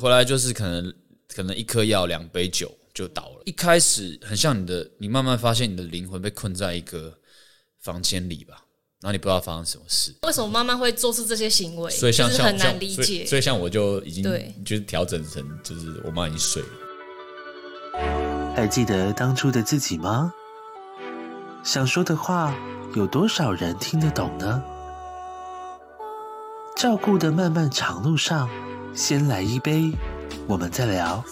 回來就是可能，可能一顆藥、兩杯酒就倒了。嗯、一開始很像你的，你慢慢發現你的靈魂被困在一個房間裡吧，然後你不知道發生什麼事。為什麼媽媽會做出這些行為？所以像、就是、很難理解。像、所以、所以像我就已經對，就是調整成就是我媽已經睡了。還記得當初的自己嗎？想說的話，有多少人聽得懂呢？照顧的漫漫長路上。先來一杯，我們再聊。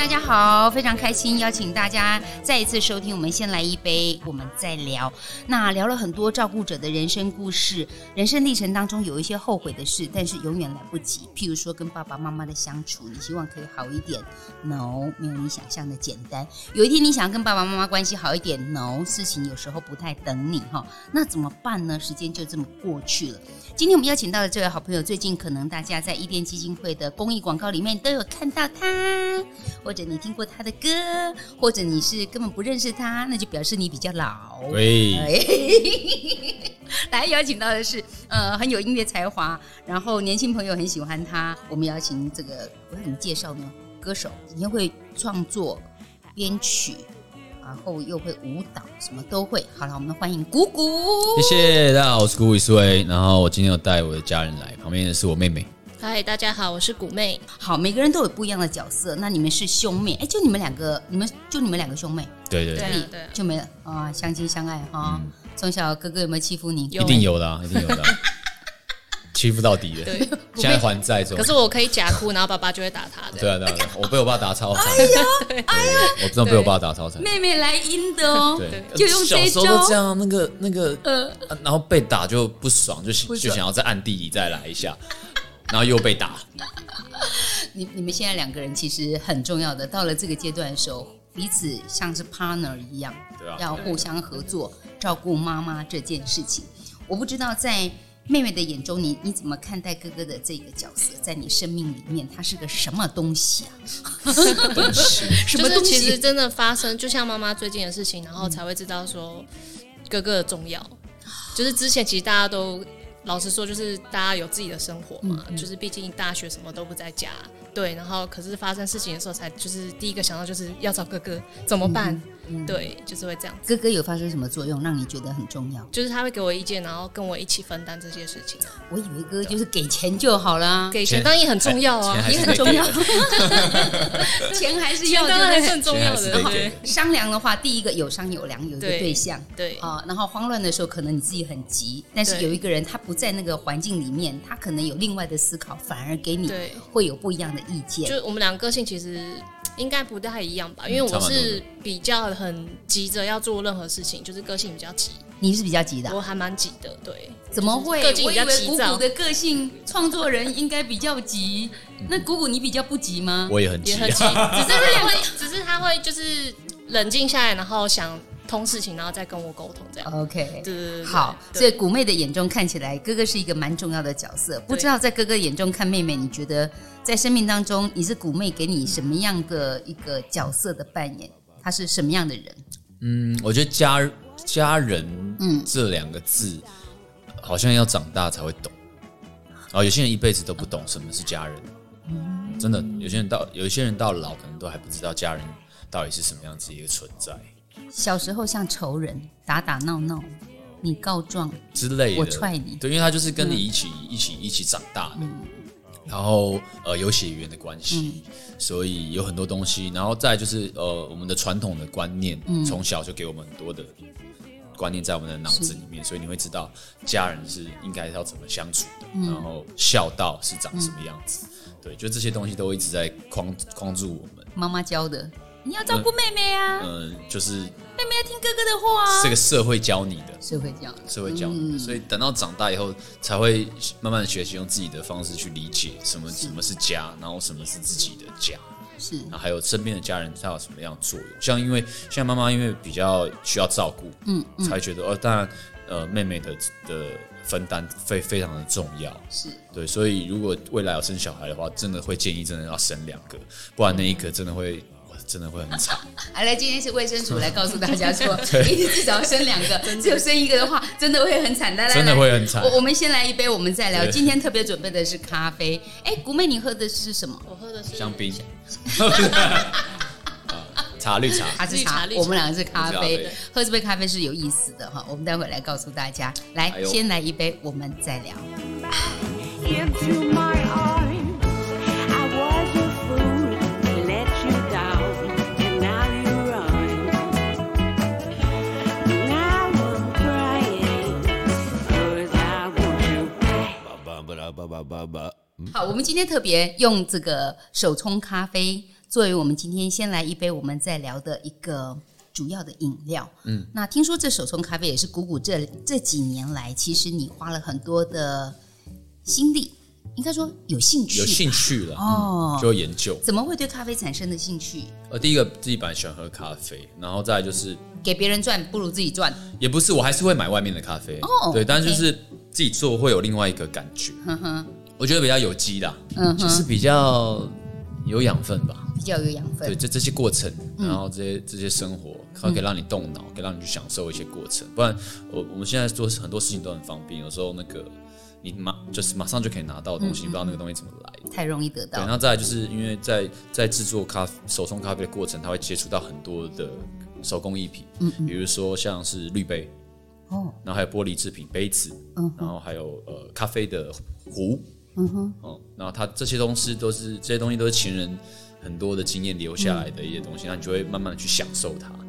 大家好，非常開心邀請大家再一次收聽我們先來一杯，我們再聊。那聊了很多照顧者的人生故事，人生歷程當中有一些後悔的事，但是永遠來不及。譬如說跟爸爸媽媽的相處，你希望可以好一點，no，沒有你想象的簡單。有一天你想要跟爸爸媽媽關係好一點，no，事情有時候不太等你哈。那怎麼辦呢？時間就這麼過去了。今天我們邀請到的這位好朋友，最近可能大家在伊甸基金會的公益廣告裡面都有看到他。或者你聽過他的歌，或者你是根本不認識他，那就表示你比較老。對，哎、來邀請到的是，呃，很有音樂才華，然後年輕朋友很喜歡他。我們邀請這個，我怎麼介紹呢？歌手，今天會創作、編曲，然後又會舞蹈，什麼都會。好了，我們歡迎鼓鼓。謝謝，大家好，我是鼓鼓思緯。然後我今天有帶我的家人來，旁邊的是我妹妹。嗨，大家好，我是鼓妹。好，每個人都有不一樣的角色。那你們是兄妹？哎、欸，就你們兩個，你們就你們兩個兄妹。對對對對，就沒了啊、哦，相親相愛哈。從、哦嗯、小哥哥有沒有欺負你？一定有的、啊，一定有的、啊。 欺負到底了。對，現在還在。可是我可以假哭，然後爸爸就會打他。對啊對啊，我被我爸打超慘。 哎對對對、啊、我真的被我爸打超慘。妹妹來陰的哦，對，就用小時候這樣那個那個、呃啊，然後被打就不爽，就爽就想要在暗地裡再來一下。然後又被打。 你你們現在兩個人其實很重要的，到了這個階段的時候，彼此像是 partner 一樣，對啊，要互相合作對對對對。照顧媽媽這件事情，我不知道在妹妹的眼中，你你怎麼看待哥哥的這個角色？在你生命裡面，他是個什麼東西啊？ 就是、 什麼東西？就是、其實真的發生，就像媽媽最近的事情，然後才會知道說哥哥的重要。就是之前其實大家都。老實說，就是大家有自己的生活嘛，嗯、就是畢竟大學什麼都不在家。對，然後可是發生事情的時候，才就是第一個想到就是要找哥哥怎麼辦？嗯嗯。對，就是會這樣。哥哥有發生什麼作用，讓你覺得很重要？就是他會給我意見，然後跟我一起分擔這些事情。我以為哥哥就是給錢就好了，給錢當然也很重要啊，也很重要。錢還， 還是要，當然更重要的哈。對對，然後商量的話，第一個有商有量，有一個對象，對啊。然後慌亂的時候，可能你自己很急，但是有一個人他不在那個環境裡面，他可能有另外的思考，反而給你會有不一樣的。意見，就我們兩個個性其實應該不太一樣吧，因為我是比較很急着要做任何事情，就是個性比較急。你是比較急的？啊，我還蠻急的，對。怎麼會？就是，個性比較急。我以為鼓鼓的個性創作人應該比較急， 那鼓鼓你比較不急嗎？ 我也很急，也很急，只是他會，只是他會就是。冷靜下來，然後想通事情，然後再跟我溝通，這樣 OK。好對，所以鼓妹的眼中看起來，哥哥是一個蠻重要的角色。不知道在哥哥眼中看妹妹，你覺得在生命當中，你是鼓妹給你什麼樣的一個角色的扮演？她、嗯、是什麼樣的人？嗯，我覺得家家人，嗯，這兩個字、嗯、好像要長大才會懂、哦。有些人一輩子都不懂什麼是家人。真的，有些人到有些人到老，可能都還不知道家人。到底是什麼樣子一個存在？小時候像仇人，打打鬧鬧，你告狀之類的，我踹你。對，因為他就是跟你一起、嗯、一起一起長大的，嗯、然後呃有血緣的關係、嗯，所以有很多東西。然後再就是呃我們的傳統的觀念，從、嗯、小就給我們很多的觀念在我們的腦子裡面，所以你會知道家人是應該要怎麼相處的、嗯，然後孝道是長什麼樣子、嗯。對，就這些東西都一直在框框住我們。媽媽教的。你要照顧妹妹啊！嗯，嗯，就是妹妹要聽哥哥的話啊。這個社會教你的，社會教你的，社會教。所以等到長大以後，才會慢慢的學習用自己的方式去理解什麼什麼是家，然後什麼是自己的家，是，然後還有身邊的家人，他有什麼樣的作用。像因為現在媽媽因為比較需要照顧，嗯，嗯，才覺得哦，當然，呃，妹妹的的分擔非非常的重要，是，對。所以如果未來要生小孩的話，真的會建議真的要生兩個，不然那一個真的會。嗯嗯真的會很慘。 來，今天是衛生署來告訴大家說，你 至少要生兩個，只有生一個的話，真的會很慘。真的會很慘。我們先來一杯，我們再聊。今天特別準備的是咖啡。哎、欸，鼓妹，你喝的是什麼？我喝的是香檳茶。檳檳檳 茶綠茶，它是茶,綠茶,綠茶。我們兩個是咖啡。喝這杯咖啡是有意思的哈。我們待會來告訴大家。來，先來一杯，我們再聊。好，我們今天特別用這個手沖咖啡作為我們今天先來一杯，我們再聊的一個主要的飲料。嗯，那聽說這手沖咖啡也是鼓鼓這這幾年來，其實你花了很多的心力。應該說有興趣，有興趣了哦，就研究怎麼會對咖啡產生的興趣？呃，第一個自己本來喜歡喝咖啡，然後再來就是給別人賺不如自己賺，也不是，我還是會買外面的咖啡哦。對，okay，但是就是自己做會有另外一個感覺，嗯、哼我覺得比較有機啦，嗯，就是比較有養分吧，比較有養分。對，這這些過程，然後這些、嗯、這些生活，可以讓你動腦，可以讓你去享受一些過程。不然我，我我們現在做很多事情都很方便，有時候那個。你馬，就是馬上就可以拿到的東西。嗯嗯，你不知道那個東西怎麼來，太容易得到。然後再來就是因為在在製作咖手沖咖啡的過程，它會接觸到很多的手工藝品，嗯，嗯，比如說像是濾杯，哦，然後還有玻璃製品、杯子，嗯，然後還有呃咖啡的壺，嗯哼，哦、嗯，然後它這些東西都是這些東西都是前人很多的經驗留下來的一些東西，嗯，那你就會慢慢的去享受它。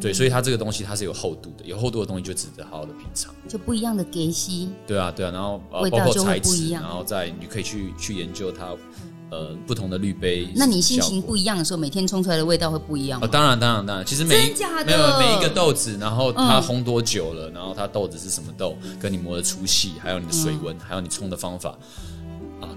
對，所以它這個東西它是有厚度的，有厚度的東西就值得好好的品嘗，就不一樣的解析。對啊，對啊，然後味道就不一樣，包括材質，然後再你可以去去研究它，呃，不同的濾杯。那你心情不一樣的時候，每天沖出來的味道會不一樣嗎？哦，當然，當然，當然，其實每一沒有每一個豆子，然後它烘多久了，然後它豆子是什麼豆，跟你磨的粗細，還有你的水溫，嗯，還有你沖的方法。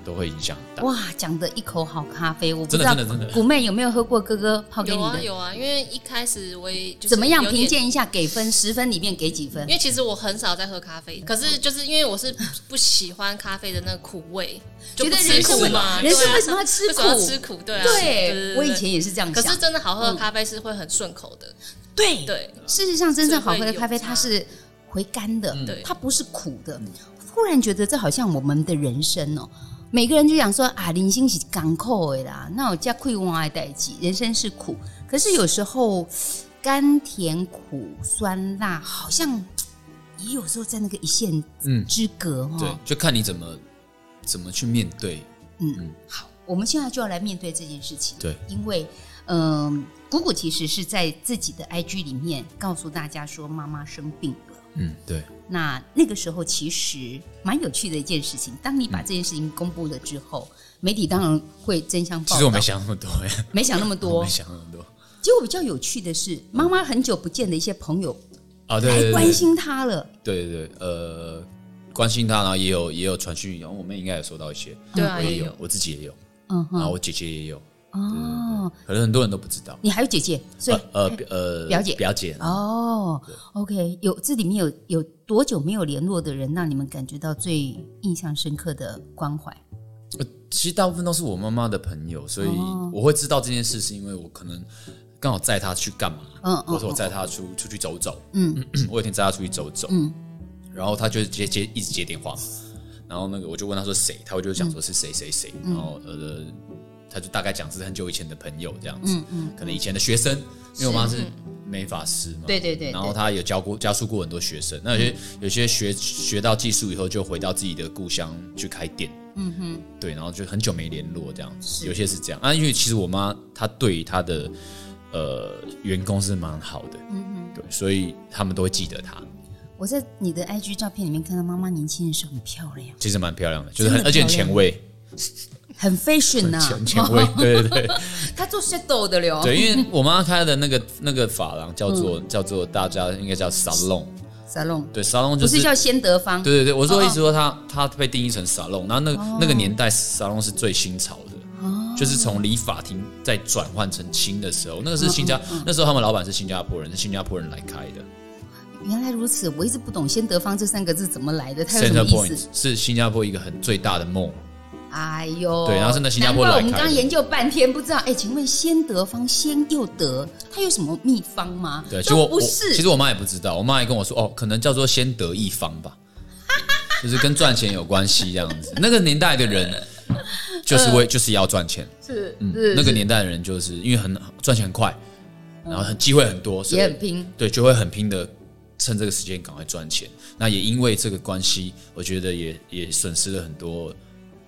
都會影響到哇！講的一口好咖啡，我不知道，真,的真,的真的鼓妹有沒有喝過哥哥泡給你的有啊有啊，因為一開始我也就是怎麼樣評鑑一下，給分十分裡面給幾分？因為其實我很少在喝咖啡、嗯，可是就是因為我是不喜歡咖啡的那個苦味，覺、嗯、得吃苦嘛、嗯，人生為什麼要吃苦？啊、為什麼吃苦對對,對對，我以前也是這樣想。可是真的好喝的咖啡是會很順口的，嗯、對對。事實上，真正好喝的咖啡會它是回甘的、嗯，對，它不是苦的。忽然覺得這好像我們的人生哦、喔。每個人就想說啊，人生是甘苦的啦，那我加苦往在帶起，人生是苦，可是有時候甘甜苦酸辣，好像也有時候在那個一線之隔哈、哦嗯。對，就看你怎麼怎麼去面對嗯。嗯，好，我們現在就要來面對這件事情。對，嗯、因為嗯，鼓、呃、鼓其實是在自己的 IG 裡面告訴大家說，媽媽生病了。嗯，對。那那個時候其實蠻有趣的一件事情，當你把這件事情公布了之後，嗯、媒體當然會爭相報道。其實我沒想那麼多呀，沒想那麼多，沒想那麼多。結果比較有趣的是，嗯、媽媽很久不見的一些朋友啊，對、對、對，還關心她了。對對對，呃，關心她，然後也有也有傳訊，然後我們應該有收到一些，對、啊、我也有，我自己也有，嗯哼，然後我姐姐也有。哦，可能很多人都不知道，你還有姐姐，所以呃呃，呃，表姐表姐哦、oh,，OK，有這裡面有有多久沒有聯絡的人，讓你們感覺到最印象深刻的關懷？呃，其實大部分都是我媽媽的朋友，所以我會知道這件事，是因為我可能剛好載她去幹嘛，嗯，我說我載她出出去走走，oh. Oh. Oh. 嗯咳咳，我有一天載她出去走走，嗯，然後她就接接一直接電話，然後那個我就問她說誰，她會就講說是誰誰誰，嗯、然後呃。他就大概講是很久以前的朋友這樣子，嗯嗯，可能以前的學生，因為我媽是美髮師嘛，對對對，然後她有教過教書過很多學生，那有些、嗯、有些學學到技術以後就回到自己的故鄉去開店，嗯哼，對，然後就很久沒聯絡這樣子，有些是這樣啊，因為其實我媽她對她的呃員工是蠻好的，嗯哼，對，所以他們都會記得她。我在你的 IG 照片裡面看到媽媽年輕的時候很漂亮，其實蠻漂亮的，就是很而且很前衛。很 fashion 啊，前前衛，oh，對對對，他做 shadow 的了。對，因為我媽開的那個那個髮廊，叫做 叫做大家應該叫 salon，salon，salon，對 salon 就是不是叫先得方？對對對，我說一、oh，直說他他被定義成 salon，然後那個 oh，那個年代 salon 是最新潮的，oh，就是從理髮廳再轉換成輕的時候，那個是新加坡，oh，Oh，那時候他們老闆是新加坡人，是新加坡人來開的。原來如此，我一直不懂“先得方”這三個字怎麼來的，它有什麼意思？Centre Point, 是新加坡一個很最大的夢。哎呦，對，然後真的新加坡來，難怪我們剛研究半天不知道。哎、欸，請問先得方先又得，它有什麼祕方嗎？對，其實我，其實我媽也不知道，我媽也跟我說，哦，可能叫做先得一方吧， 就是跟賺錢有關係這樣子。 那個年代的人就、呃，就是為就是要賺錢，是，嗯是，那個年代的人就是因為很賺錢很快，然後很機會很多，所以也很拼，對，就會很拼的趁這個時間趕快賺錢。那也因為這個關係，我覺得也也損失了很多。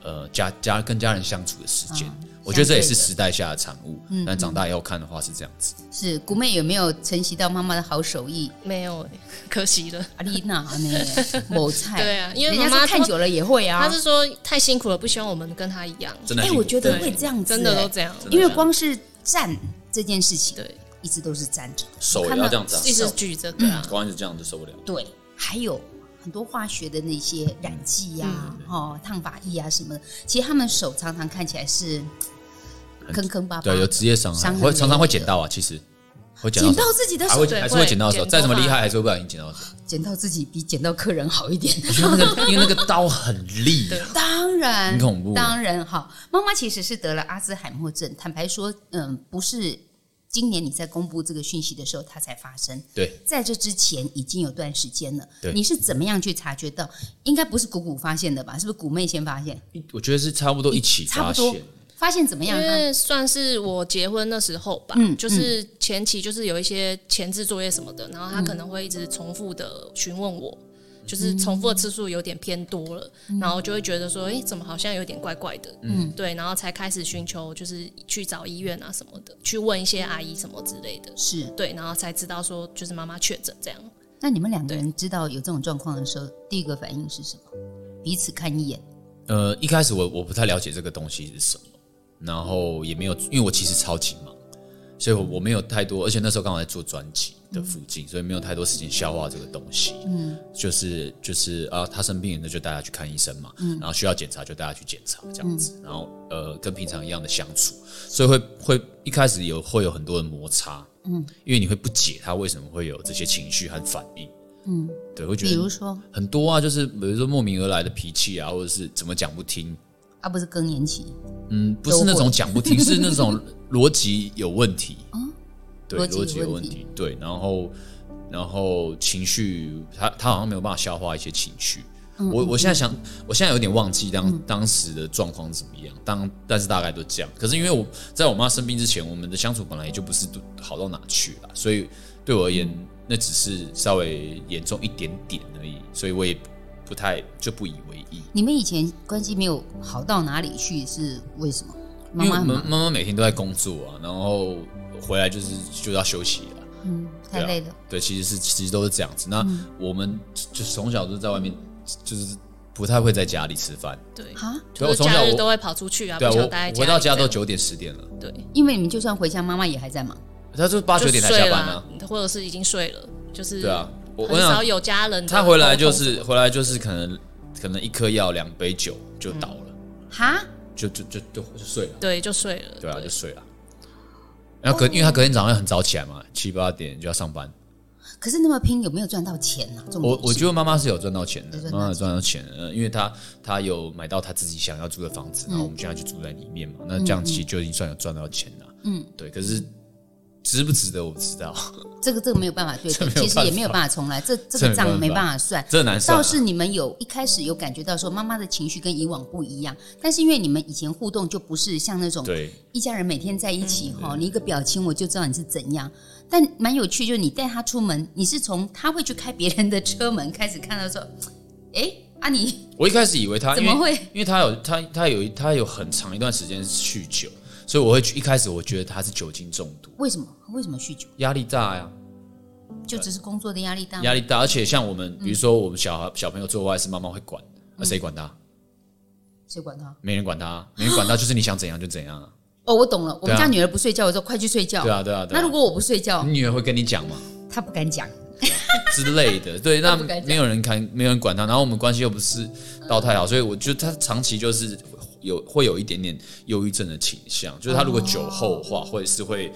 呃，家家，家跟家人相處的時間、哦，我覺得這也是時代下的產物。嗯，但長大以後看的話是這樣子。嗯嗯、是，鼓妹有沒有承襲到媽媽的好手藝？沒有、欸，可惜了。阿麗娜那個某菜、啊，對啊，因為人家說看久了也會啊。她是說太辛苦了，不希望我們跟她一樣。真的，哎、欸，我覺得會這樣子、欸，真的都這樣，子、欸這樣子。因為光是站這件事情，對，一直都是站着，手也要這樣子、啊，一直舉着，啊、嗯。光是這樣子受不了。對，還有。很多化學的那些染劑呀、啊、哈、嗯哦，燙髮液啊什麼的，其實他們手常常看起來是坑坑巴巴。對，有職業傷害，會常常會剪到啊。其實會剪到，到自己的手，手、啊。還是會剪到手，再怎麼厲害，還是怎麼厲害還是會不小心剪到。剪到自己比剪到客人好一點，因為那個因為那個刀很利。當然，很恐怖。當然，好。媽媽其實是得了阿茲海默症。坦白說，嗯，不是。今年你在公布這個訊息的時候，它才發生。對，在這之前已經有段時間了。對，你是怎麼樣去察覺到？應該不是鼓鼓發現的吧？是不是鼓妹先發現？我覺得是差不多一起差不多發現。怎麼樣？因為算是我結婚那時候吧，嗯，就是前期就是有一些前置作業什麼的，然後他可能會一直重複的詢問我。就是重複的次數有點偏多了，嗯，然後就會覺得說，誒、欸，怎麼好像有點怪怪的，嗯，對，然後才開始尋求，就是去找醫院啊什麼的，去問一些阿姨什麼之類的，是，對，然後才知道說，就是媽媽確診這樣。那你們兩個人知道有這種狀況的時候，第一個反應是什麼？彼此看一眼。呃，一開始我我不太了解這個東西是什麼，然後也沒有，因為我其實超級忙。所以我沒有太多，而且那時候剛好在做專輯的附近、嗯，所以沒有太多時間消化這個東西。嗯，就是就是啊，他生病了，那就帶他去看醫生嘛。嗯，然後需要檢查就帶他去檢查這樣子，嗯、然後呃，跟平常一樣的相處。所以會會一開始有會有很多的摩擦，嗯，因為你會不解他為什麼會有這些情緒和反應，嗯，對，會覺得比如說很多啊，就是比如說莫名而來的脾氣啊，或者是怎麼講不聽。他不是更年期，嗯，不是那種講不聽， 是那種邏輯有問題。嗯、對、邏輯有問題，邏輯有問題，對，然後，然後情緒，他他好像沒有辦法消化一些情緒。嗯、我我現在想、嗯，我現在有點忘記當、嗯、當時的狀況怎麼樣，當但是大概都這樣。可是因為我在我媽生病之前，我們的相處本來也就不是好到哪去了，所以對我而言、嗯，那只是稍微嚴重一點點而已，所以我也。不太就不以為意。你們以前關係沒有好到哪裡去是為什麼？媽媽很忙。媽媽每天都在工作啊，然後回來就是就要休息了啊。嗯，太累了。對啊，對，其實是其實都是這樣子。那我們就從小都在外面。嗯，就是不太會在家裡吃飯。對啊，所以我從小我都會跑出去啊。對啊，我回到家都九點十點了。對啊，我回到家都九點十點了。對。對，因為你們就算回家，媽媽也還在忙。她就八九點才下班啊，啊，或者是已經睡了，就是對啊。很少有家人。他回來就是回來就是可能可能一顆藥兩杯酒就倒了哈、嗯，就就就就就睡了，對，就睡了，對啊，對就睡了。然後隔因為他隔天早上很早起來嘛，七八點就要上班。可是那麼拼有沒有賺到錢呢、啊？我我覺得媽媽是有賺到錢的，媽媽有賺到錢的，因為他她有買到他自己想要住的房子，然後我們現在就住在裡面嘛，嗯、那這樣其實就已經算有賺到錢了。嗯，對，可是。嗯值不值得，我不知道，這個這個沒有辦法對，對，這沒有辦法，其實也沒有辦法重來，這這個賬沒辦法算，這難受。啊、倒是你們有一開始有感覺到說媽媽的情緒跟以往不一樣，但是因為你們以前互動就不是像那種一家人每天在一起哈，你一個表情我就知道你是怎樣。但蠻有趣，就是你帶他出門，你是從他會去開別人的車門開始看到說，哎，阿、啊、你，我一開始以為他怎麼會，因為，因為他有他他有他有很長一段時間酗酒。所以我會去一開始我覺得他是酒精中毒，為什麼？為什麼酗酒？壓力大呀、啊，就只是工作的壓力大，壓力大。而且像我們、嗯，比如說我們小孩、小朋友做壞事，媽媽會管，那、嗯、誰、啊、管他？誰管他？沒人管他，沒人管他，就是你想怎樣就怎樣啊。哦，我懂了，我們家女兒不睡覺的時候，快去睡覺。對、啊，對啊，對啊。對啊，對啊，那如果我不睡覺，你、嗯、女兒會跟你講嗎？她不敢講 之類的，對，那沒有人看，沒有人管她。然後我們關係又不是到太好，嗯、所以我覺得她長期就是。有會有一點點憂鬱症的傾向，就是他如果酒後的話，或、哦、者、哦、是會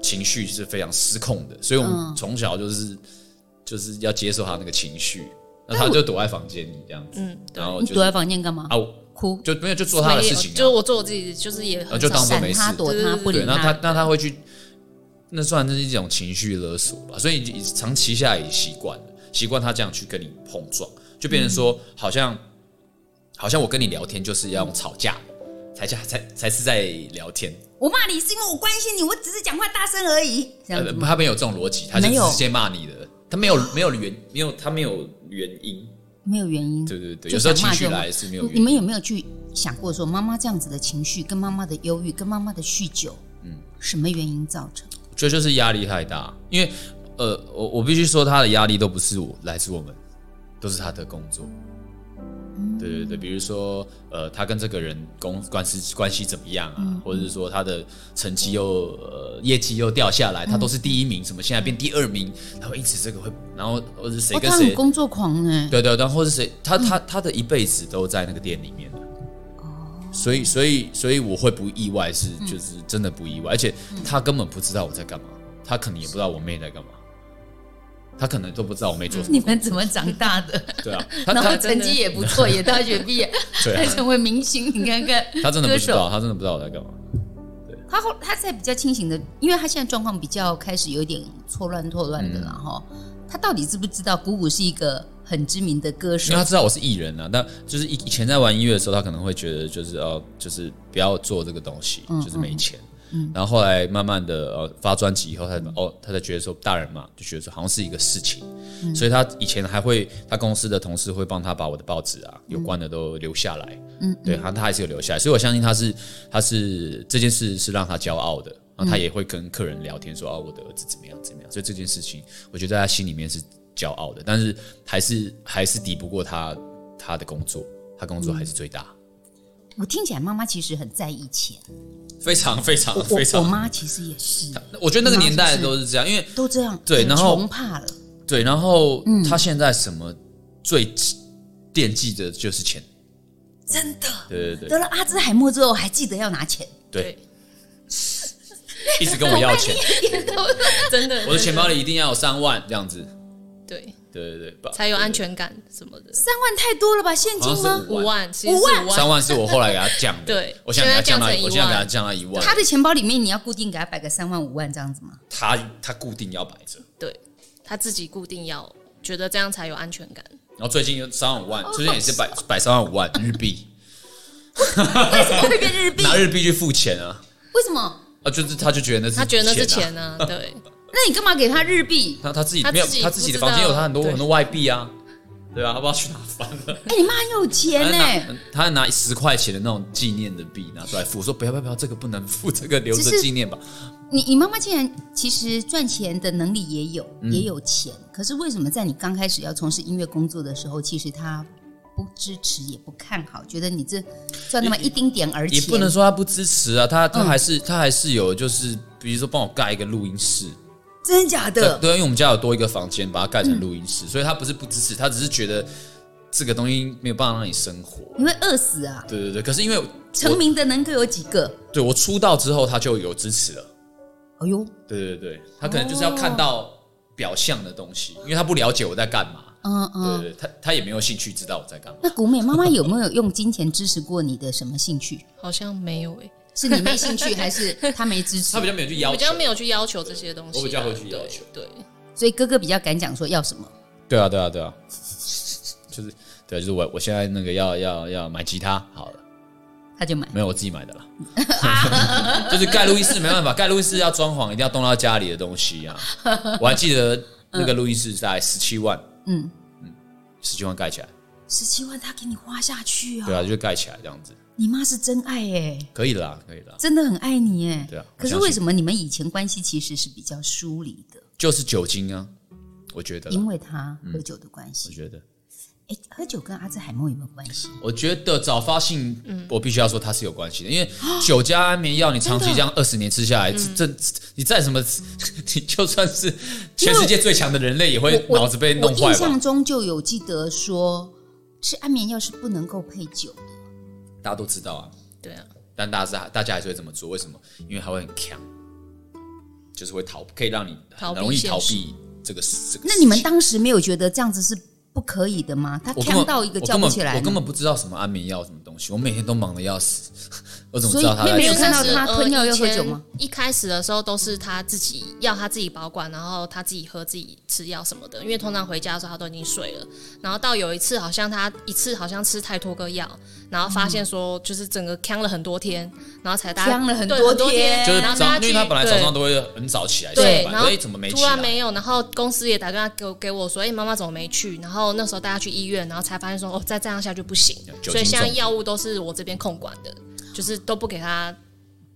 情緒是非常失控的。所以，我們從小就是、嗯、就是要接受他那個情緒，那他就躲在房間裡這樣子。嗯、然後就是、你躲在房間幹嘛啊？哭就沒有就做他的事情、啊，就是我做我自己，就是也很就當做沒事。他躲他不理他，對，那他那他會去，那算是一種情緒勒索吧。所以長期下來也習慣了，習慣他這樣去跟你碰撞，就變成說、嗯、好像。好像我跟你聊天就是要吵架、嗯、才才才，才是在聊天。我罵你是因為我關心你，我只是講話大聲而已、呃。他沒有這種邏輯，他就直接罵你的，他沒有沒有原沒有他沒有原因，沒有原因。對對對，有時候情緒來是沒有原因。你們有沒有去想過說媽媽這樣子的情緒，跟媽媽的憂鬱，跟媽媽的酗酒，嗯，什麼原因造成的？我覺得就是壓力太大，因為呃，我我必須說他的壓力都不是我，來自我們，都是他的工作。對對對，比如說，呃，他跟這個人公關係關係怎麼樣啊、嗯？或者是說他的成績又、呃、業績又掉下來、嗯，他都是第一名，什麼現在變第二名，嗯，然後因此這個會，然後或者誰跟誰、哦、工作狂呢，對對、對，然後或者誰，他、嗯、他他的一輩子都在那個店裡面的，哦，所以所以所以我會不意外是就是真的不意外，而且他根本不知道我在幹嘛，他可能也不知道我妹在幹嘛。他可能都不知道我沒做什麼，你們怎麼長大的？ 對啊，他，然後成績也不錯， 也大學畢業，還 對、啊、 成為明星。你看看，他真的不知道， 他真的不知道 他真的不知道我在幹嘛。對，他後，他在比較清醒的，因為他現在狀況比較開始有點錯亂、錯亂的了哈。他到底知不知道，鼓鼓是一個很知名的歌手？因為他知道我是藝人啊，但就是以以前在玩音樂的時候，他可能會覺得就是要，就是不要做這個東西，就是沒錢。嗯嗯嗯、然後後來慢慢的，發專輯以後他，他、嗯、哦，他才覺得說大人嘛，就覺得說好像是一個事情、嗯，所以他以前還會，他公司的同事會幫他把我的報紙啊，嗯、有關的都留下來，嗯，對，好像、嗯、他還是有留下來，所以我相信他是，他是這件事是讓他驕傲的，然後他也會跟客人聊天說啊、嗯哦，我的兒子怎麼樣怎麼樣，所以這件事情我覺得他心裡面是驕傲的，但是還是還是抵不過他他的工作，他工作還是最大。嗯、我聽起來媽媽其實很在意錢。非常非常非常我，我媽其實也是。我覺得那個年代都是這樣，就是、因為都這樣。對，然後窮怕了。對，然後、嗯、他現在什麼最惦記的就是錢，真的。對對對，得了阿茲海默之後，還記得要拿錢。對，對一直跟我要錢 真，真的。我的錢包裡一定要有三萬這樣子。對。對對對，才有安全感什麼的。三萬太多了吧？現金嗎？五萬，五萬，三萬是我後來給他降的。 對，我現在給他降到一萬。他的錢包裡面你要固定給他擺個三萬五萬這樣子嗎？他他固定要擺着。對，他自己固定要覺得這樣才有安全感。然後最近有三萬五萬，最近也是擺擺三萬五萬日幣。 為什麼會變日幣？拿日幣去付錢啊？為什麼？啊，就是他就覺得那是錢啊，他覺得那是錢啊，對。那你幹嘛給他日幣？他他自己，他自己，他自己，他自己的房間有他很多很多外幣啊，對吧、啊？他不知道去哪放了。哎、欸，你媽很有錢呢、欸。他拿十塊錢的那種紀念的幣拿出來付，我說不要不要不要，這個不能付，這個留着紀念吧。你你媽媽既然其實賺錢的能力也有、嗯，也有錢。可是為什麼在你剛開始要從事音樂工作的時候，其實他不支持也不看好，覺得你這賺那麼一丁點而已。也不能說他不支持啊，他他還是他、嗯、還是有，就是比如說幫我蓋一個錄音室。真的假的對？對，因為我們家有多一個房間，把它蓋成錄音室、嗯，所以他不是不支持，他只是覺得這個東西沒有辦法讓你生活，你會餓死啊！對對對，可是因為成名的能夠有幾個？對我出道之後，他就有支持了。哎、哦、呦，對對對，他可能就是要看到表象的東西，因為他不了解我在幹嘛。嗯嗯，對對，對，他他也沒有興趣知道我在幹嘛。那鼓妹媽媽有沒有用金錢支持過你的什麼興趣？ 好像沒有誒、欸。是你沒興趣，還是他沒支持？ 他比較沒有去要求，比較沒有去要求這些東西、啊。我比較會去要求。對，對所以哥哥比較敢講說要什麼。對啊，對啊，對啊， 就是對、啊，就是我我現在那個要要要買吉他，好了，他就買，沒有我自己買的了 就是蓋錄音室沒辦法，蓋錄音室要裝潢，一定要動到家裡的東西啊。我還記得那個錄音室在十七萬，嗯嗯，十七萬蓋起來，十七萬他給你花下去啊？對啊，就是蓋起來這樣子。你媽是真愛哎、欸，可以的啦，可以的，真的很愛你哎、欸。對啊，可是為什麼你們以前關係其實是比較疏離的？就是酒精啊，我覺得，因為他喝酒的關係、嗯。我覺得，欸、喝酒跟阿茲海默有沒有關係？我覺得早發性、嗯，我必須要說它是有關係的，因為酒加安眠藥，你長期這樣二十年吃下來，啊嗯、這你再什麼，嗯、 你就算是全世界最強的人類，也會腦子被弄壞。我我我印象中就有記得說，吃安眠藥是不能夠配酒的。大家都知道啊，對啊，但大家是大家還是會這麼做，為什麼？因為他會很強，就是會逃，可以讓你很容易逃避這個避這個、這個。那你們當時沒有覺得這樣子是不可以的嗎？他強到一個叫不起來，我我，我根本不知道什麼安眠藥什麼東西，我每天都忙得要死。我怎麼知道，所以你沒有看到他吞藥又喝酒嗎？就是呃？一開始的時候都是他自己要他自己保管，然後他自己喝自己吃藥什麼的。因為通常回家的時候他都已經睡了。然後到有一次好像他一次好像吃太多個藥，然後發現說就是整個嗆了很多天，然後才大家嗆了很多，對很多天，就是早因為他本來早上都會很早起來。對，對然後突然沒有，然後公司也打電話給給我說，哎媽媽怎麼沒去？然後那時候大家去醫院，然後才發現說哦，再這樣下去不行。所以現在藥物都是我這邊控管的。就是都不給他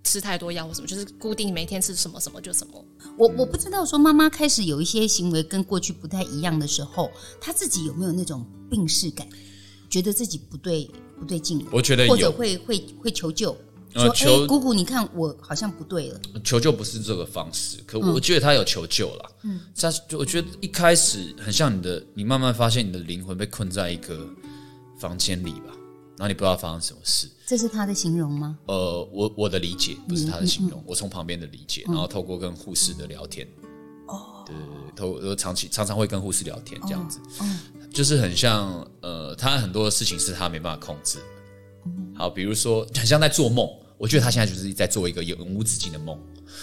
吃太多藥或什麼，就是固定每天吃什麼什麼就什麼。我我不知道說媽媽開始有一些行為跟過去不太一樣的時候，她自己有沒有那種病識感，覺得自己不對不對勁。我覺得或者會會會求救，說哎、呃欸、姑姑，你看我好像不對了。求救不是這個方式，可我覺得他有求救了。嗯，他我覺得一開始很像你的，你慢慢發現你的靈魂被困在一個房間裡吧。那你不知道發生什麼事？這是他的形容嗎？呃，我我的理解不是他的形容，嗯嗯、我從旁邊的理解、嗯，然後透過跟護士的聊天，哦、嗯，對透對，對，長期常，常常會跟護士聊天這樣子，嗯、哦，就是很像呃，他很多事情是他沒辦法控制、嗯，好，比如說很像在做夢，我覺得他現在就是在做一個永無止境的夢，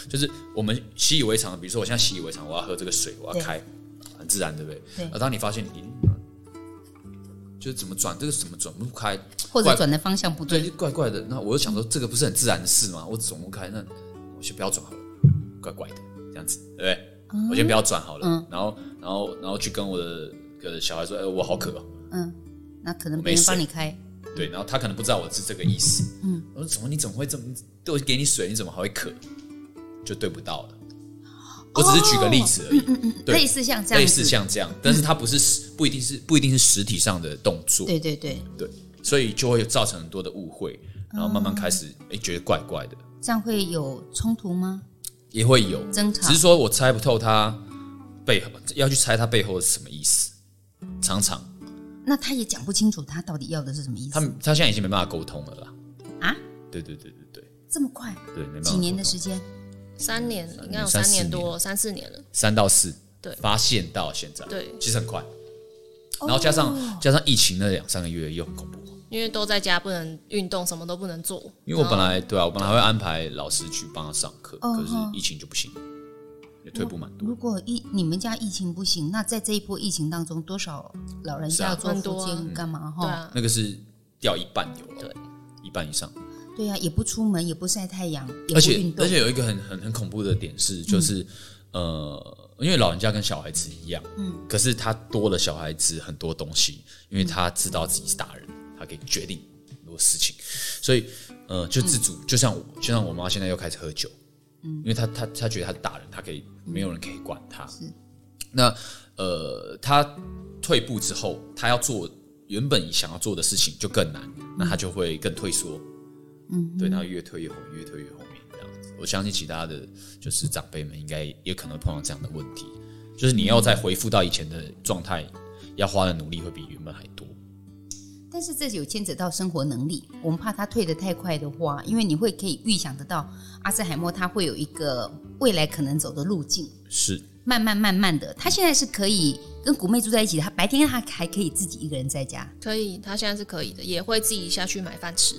就是我們習以為常，比如說我現在習以為常，我要喝這個水，我要開，很自然，對不對？而當你發現你，咦。就怎麼轉這個怎麼轉不開，不或者轉的方向不對，對，就怪怪的。那我就想說這個不是很自然的事嗎？我轉不開，那我先不要轉好了，怪怪的這樣子，對不對？嗯、我先不要轉好了，嗯、然後然後然後去跟我，跟我的小孩說，哎、欸，我好渴。嗯，那可能別人幫你開。對，然後他可能不知道我是這個意思。嗯，嗯我說怎麼你怎麼會這麼都給你水，你怎麼還會渴？就對不到了。Oh, 我只是舉個例子而已，嗯嗯嗯、類似像這樣，類似像這樣，但是它不是不一定是不一定是實體上的動作，對對對對，所以就會造成很多的誤會，然後慢慢開始、嗯欸、覺得怪怪的，這樣會有衝突嗎？也會有爭吵，只是說我猜不透他背後，要去猜他背後是什麼意思，常常，那他也講不清楚他到底要的是什麼意思，他他現在已經沒辦法溝通了啦。啊？對對對對對，這麼快？對，沒辦法，幾年的時間。三年，應該有三年多，三四年了。三到四，對，發現到現在，對，其實很快。然後加上、oh. 加上疫情那兩三個月又很恐怖，因為都在家不能運動，什麼都不能做。因為我本來對啊，我本來會安排老師去幫他上課，oh. 可是疫情就不行，oh. 也退步蠻多。Oh. 如果疫你們家疫情不行，那在這一波疫情當中，多少老人家要做復健幹嘛哈、啊？那個是掉一半有了，對，一半以上。對呀、啊，也不出門，也不晒太陽，也不運動，而且而且有一個很很很恐怖的點是，就是、嗯、呃，因為老人家跟小孩子一樣，嗯，可是他多了小孩子很多東西，因為他知道自己是大人，他可以決定很多事情，所以呃，就自主、嗯，就像我，就像我媽現在又開始喝酒，嗯，因為他他他覺得他是大人，他可以、嗯、沒有人可以管他，是，那呃，他退步之後，他要做原本想要做的事情就更難，嗯、那他就會更退縮。嗯，對他越退越後，越退越後面這樣子。我相信其他的就是長輩們應該也可能碰到這樣的問題，就是你要再回復到以前的狀態，要花的努力會比原本還多。但是這有牽扯到生活能力，我們怕他退得太快的話，因為你會可以預想得到，阿茲海默，他會有一個未來可能走的路徑，是慢慢慢慢的。他現在是可以跟鼓妹住在一起的，他白天他還可以自己一個人在家，可以，他現在是可以的，也會自己下去買飯吃。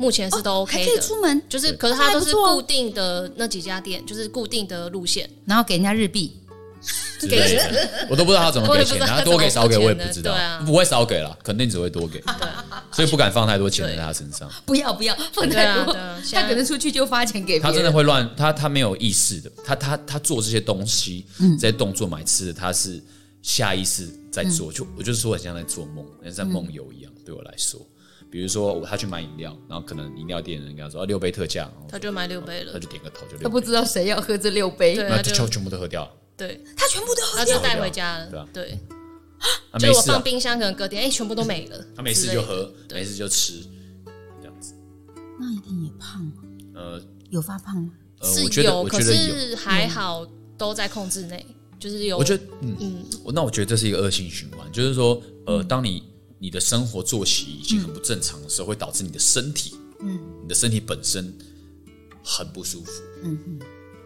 目前是都 OK 的，哦、還可以出門，就是可是他都是固定的那幾、啊、那幾家店，就是固定的路線，然後給人家日幣，給錢、啊，我都不知道他怎麼給錢，他，錢他多給少給我也不知道，啊、不會少給了，肯定只會多給、啊，所以不敢放太多錢在他身上。啊、不要不要放太多、啊，他可能出去就發錢給別人，他真的會亂，他他沒有意識的，他他他做這些東西、這、嗯、些動作、買吃的，他是下意識在做，嗯、就我就是說，很像在做夢，像在夢遊一樣、嗯，對我來說。比如說他去買飲料，然後可能飲料店人跟他說啊六杯特價，他就買六杯了，他就點個頭就六杯。他不知道誰要喝這六杯，那就全部都喝掉。對他,他全部都喝掉了，他就帶回家了，了對吧？對啊，所以、啊、我放冰箱可能隔天哎、啊啊，全部都沒了。他每次就喝,沒事就喝，每次就吃，這樣子，那一定也胖啊。呃，有發胖嗎？呃、是有，有，可是還好都在控制內、嗯，就是有。我覺得，嗯，我、嗯、那我覺得這是一個惡性循環，就是說，呃，嗯、當你。你的生活作息已經很不正常的時候，嗯，會導致你的身體，嗯，你的身體本身很不舒服，嗯哼，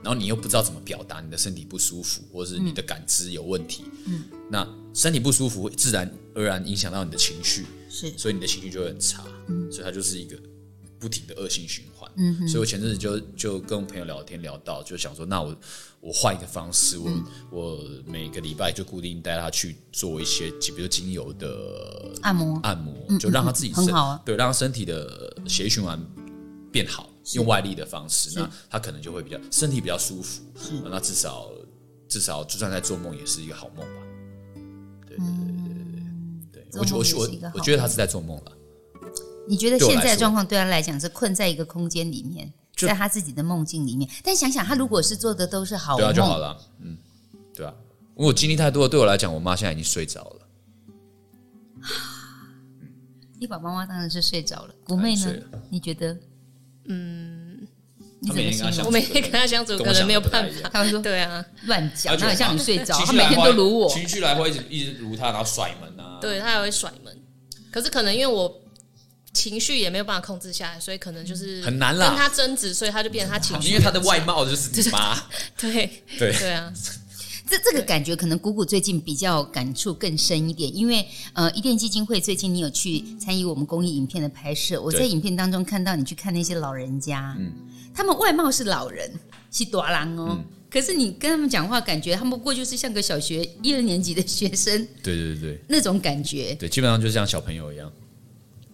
然後你又不知道怎麼表達你的身體不舒服，或是你的感知有問題，嗯，那身體不舒服會自然而然影響到你的情緒，是，所以你的情緒就會很差，嗯，所以它就是一個。不停的惡性循環，嗯，所以我前陣子就就跟我朋友聊天聊到，就想說，那我我換一個方式，嗯、我我每個禮拜就固定帶他去做一些，比如精油的按摩，按摩，按摩嗯、就讓他自己身、嗯、很好、啊，對，讓他身體的血液循環變好，用外力的方式，那他可能就會比較身體比較舒服，那至少至少就算在做夢也是一個好夢吧，對對對對對、嗯、對，對我覺得我我我覺得他是在做夢了。你覺得現在的狀況對他來講是困在一個空間裡面，在他自己的夢境裡面。但想想他如果是做的都是好夢，啊、就好了，嗯，對啊。如果經歷太多了，對我來講，我媽現在已經睡着了。嗯，你把媽媽當然是睡着了。鼓妹呢睡了，你覺得？嗯，你怎麼形容？我每天跟她相處可能沒有辦法。他們說，對啊，亂講，那、啊、很像你睡着。她每天都盧我情緒來會一直盧她， 然後甩門啊。對她還會甩門，可是可能因為我。情緒也沒有辦法控制下來，所以可能就是很難了。跟他爭執，所以他就變成他情緒。因為他的外貌就是大媽 ，對對對啊，這這個感覺可能鼓鼓最近比較感觸更深一點，因為呃，伊甸基金會最近你有去參與我們公益影片的拍攝，我在影片當中看到你去看那些老人家，嗯，他們外貌是老人，是大人哦、嗯，可是你跟他們講話，感覺他們不過就是像個小學一二年級的學生，對對對對，那種感覺，對，基本上就是像小朋友一樣。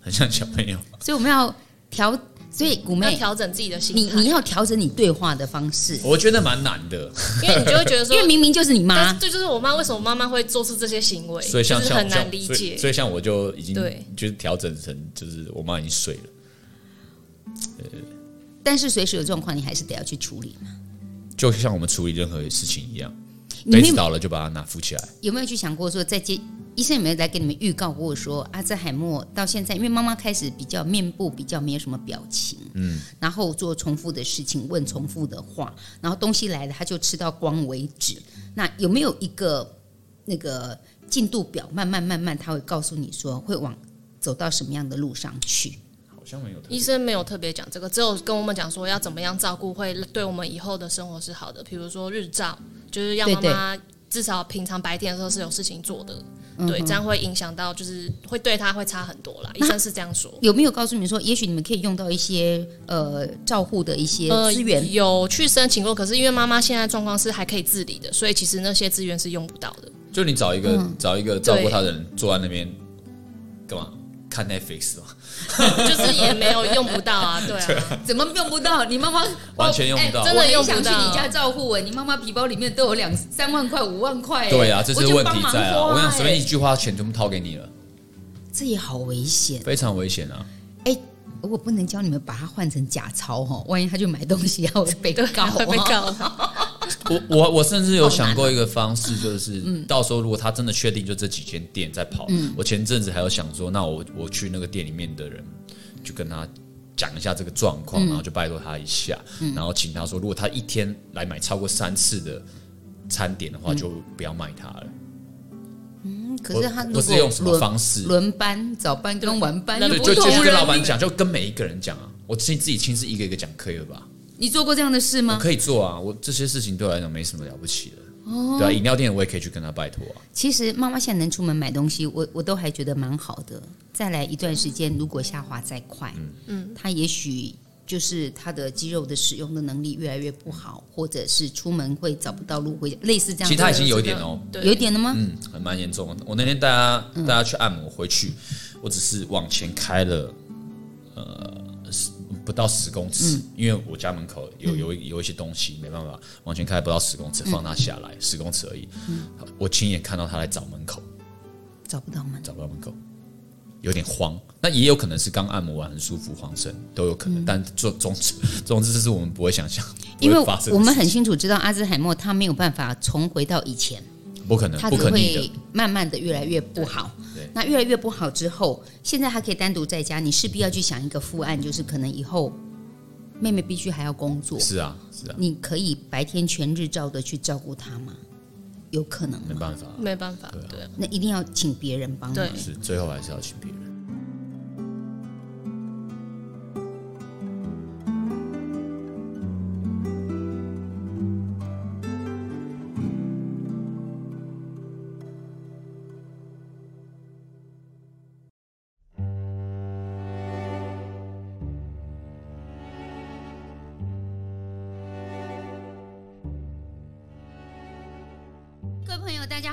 很像小朋友，所以我們要調，所以鼓妹、嗯、要調整自己的心，你你要調整你對話的方式。我覺得蠻難的，因為你就會覺得說，因為明明就是你媽，這就是我媽，為什麼媽媽會做出這些行為？所以像，就是很難理解所。所以像我就已經對，就是調整成就是我媽已經睡了。呃，但是隨時有狀況，你還是得要去處理嘛。就像我們處理任何事情一樣，你跌倒了就把它拿扶起來。有沒有去想過說在接？醫生有沒有來給你們預告過說阿茲海默到現在，因為媽媽開始比較面部比較沒有什麼表情，嗯，然後做重複的事情，問重複的話，然後東西來了他就吃到光為止。那有沒有一個那個進度表，慢慢慢慢他會告訴你說會往走到什麼樣的路上去？好像沒有。醫生沒有特別講這個，只有跟我們講說要怎麼樣照顧會對我們以後的生活是好的，比如說日照，就是要媽媽至少平常白天的時候是有事情做的。對對對嗯。嗯、對，這樣會影響到，就是會對他會差很多啦，醫生是這樣說。有沒有告訴你說，也許你們可以用到一些呃照護的一些資源？呃，有去申請過，可是因為媽媽現在狀況是還可以自理的，所以其實那些資源是用不到的。就你找一個、嗯、找一個照顧她的人坐在那邊幹嘛？看 Netflix 嗎？ 就是也沒有用不到啊，對啊，對，怎麼用不到？你媽媽完全用不到，欸、真的，我跟你講去你家照顧、欸，哎，你媽媽皮包裡面都有兩三萬塊、五萬塊、欸，對啊，這些問題在啊，我跟你講隨便一句話，錢全部掏給你了，這也好危險，非常危險啊！哎、欸，我不能教你們把它換成假鈔哦，萬一他就買東西要被告，被告。我我我甚至有想過一個方式，就是到時候如果他真的確定就這幾間店在跑，嗯，我前陣子還有想說，那我我去那個店裡面的人，就跟他講一下這個狀況，嗯，然後就拜託他一下，嗯，然後請他說，如果他一天來買超過三次的餐點的話，嗯，就不要賣他了。嗯，可是他我，我是用什麼方式？輪班，早班跟晚班。對、對、那對，就繼續跟老闆講，就跟每一個人講啊，我親自己親自一個一個講可以了吧？你做過這樣的事嗎？可以做啊，我這些事情對我來講沒什麼了不起的。哦、oh.，對啊，飲料店我也可以去跟他拜托啊。其實媽媽現在能出門買東西，我我都還覺得蠻好的。再來一段時間，如果下滑再快，嗯嗯，她也許就是她的肌肉的使用的能力越來越不好，嗯、或者是出門會找不到路，會類似這樣的。其實她已經有一點了哦，對對，有一點了嗎？嗯，還蠻嚴重的。我那天帶她，帶她去按摩，回去、嗯、我只是往前開了，呃。不到十公尺、嗯，因為我家門口有有有一些東西，嗯、沒辦法完全開，不到十公尺，放它下來、嗯、十公尺而已。嗯、我親眼看到他來找門口，找不到門，找不到門口，有點慌。那也有可能是剛按摩完很舒服身，慌神都有可能。嗯、但總總之，總之這是我們不會想象，因為我們很清楚知道阿茲海默，他沒有辦法重回到以前，不可能，他只會慢慢的越來越不好。那越來越不好之後，現在還可以單獨在家，你勢必要去想一個副案，就是可能以後妹妹必須還要工作，是啊，是啊，你可以白天全日照的去照顧她嗎？有可能，沒辦法啊，沒辦法，對啊，對啊，那一定要請別人幫忙。對，是，最後還是要請別人。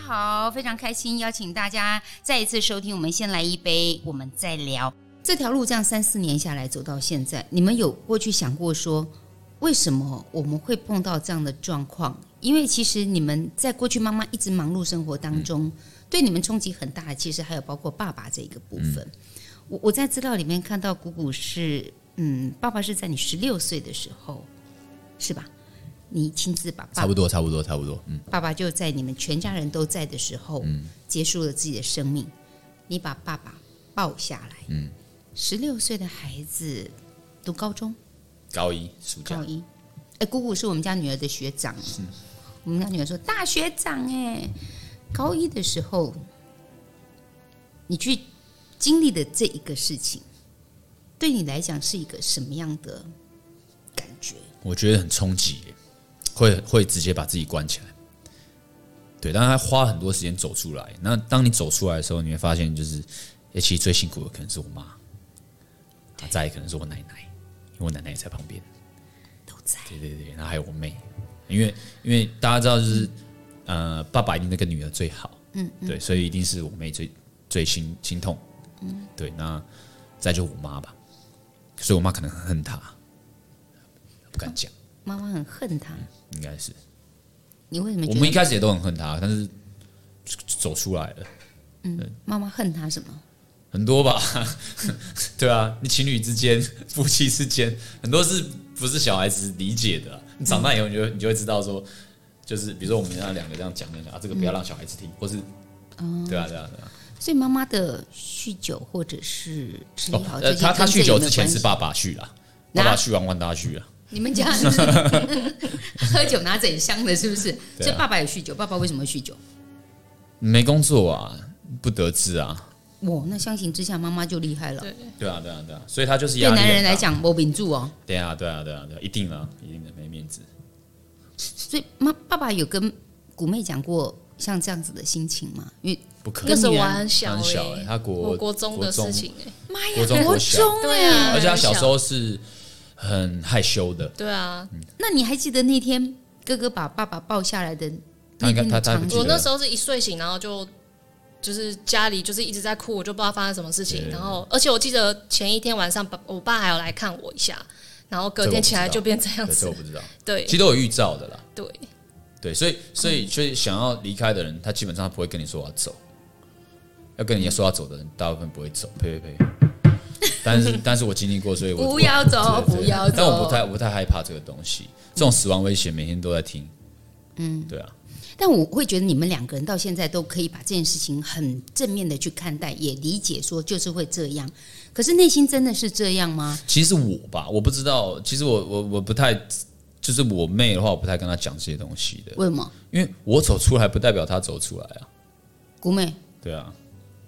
好，非常開心，邀請大家再一次收聽。我們先來一杯，我們再聊這條路。這樣三四年下來走到現在，你們有過去想過說，為什麼我們會碰到這樣的狀況？因為其實你們在過去媽媽一直忙碌生活當中，嗯、對你們衝擊很大的，其實還有包括爸爸這一個部分。嗯、我我在資料裡面看到鼓鼓，鼓鼓是嗯，爸爸是在你十六歲的時候，是吧？你親自把爸差不多，差不多，差不多，嗯，爸爸就在你們全家人都在的時候，嗯，結束了自己的生命。你把爸爸抱下來，嗯，十六歲的孩子讀高中，高一暑假，高一，哎，姑姑是我們家女兒的學長，是，我們家女兒說大學長，哎，高一的時候，你去經歷的這一個事情，對你來講是一個什麼樣的感覺？我覺得很衝擊，欸。會會直接把自己關起來，對。但他花很多時間走出來。那當你走出來的時候，你會發現，就是其實最辛苦的可能是我媽。對，啊，再可能是我奶奶，因為我奶奶也在旁邊。都在。對對對，然後還有我妹，因為因為大家知道，就是呃，爸爸一定那個女兒最好，嗯嗯，對，所以一定是我妹最最心心痛，嗯，對，那再就我媽吧，所以我媽可能很恨她。不敢講。嗯媽媽很恨他，應該是。你為什麼？我們一開始也都很恨他，但是走出來了。嗯，媽媽恨他什麼？很多吧，對啊，你情侶之間、夫妻之間，很多是不是小孩子理解的、啊。你長大以後，你就你就會知道，說就是，比如說我們這樣兩個這樣講，的啊，這個不要讓小孩子聽，或是，對啊，對啊，對啊。所以媽媽的酗酒，或者是吃藥，他他酗酒之前是爸爸酗了，爸爸酗完，萬大酗了。你們家 喝酒拿整箱的，是不是？啊、所以爸爸有酗酒。爸爸為什麼會酗酒？沒工作啊，不得志啊。哇，那相形之下，媽媽就厲害了，對對對。對啊，對啊，對啊，所以他就是對男人來講，我頂住啊。對啊，對啊，對啊，對，一定啊，一定的沒面子。所以媽，爸爸有跟鼓妹講過像這樣子的心情嗎？因為不可能那時候我很小，欸他很小欸，他國我國中的事情，哎，媽呀，國中哎、啊啊，而且他小時候是。很害羞的，對啊、嗯。那你還記得那天哥哥把爸爸抱下來的那個場景？他他他我那時候是一睡醒，然後就就是家裡就是一直在哭，我就不知道發生什麼事情。對對對，然後，而且我記得前一天晚上，爸我爸還要來看我一下。然後隔天起來就變這樣子，這我不知道。對，我不知道，對，其實我有預兆的啦對。對，對，所以，所以，所以想要離開的人，他基本上他不會跟你說我要走。要跟人家說要走的人、嗯，大部分不會走。呸呸呸！但是，但是我經歷過，所以我不要走，不要走。對對對，不要走。但我不太、不太害怕這個東西，這種死亡威脅每天都在聽。嗯，對啊。但我會覺得你們兩個人到現在都可以把這件事情很正面的去看待，也理解說就是會這樣。可是內心真的是這樣嗎？其實我吧，我不知道。其實我我我不太就是我妹的話，我不太跟她講這些東西的。為什麼？因為我走出來，不代表她走出來啊。鼓妹對啊。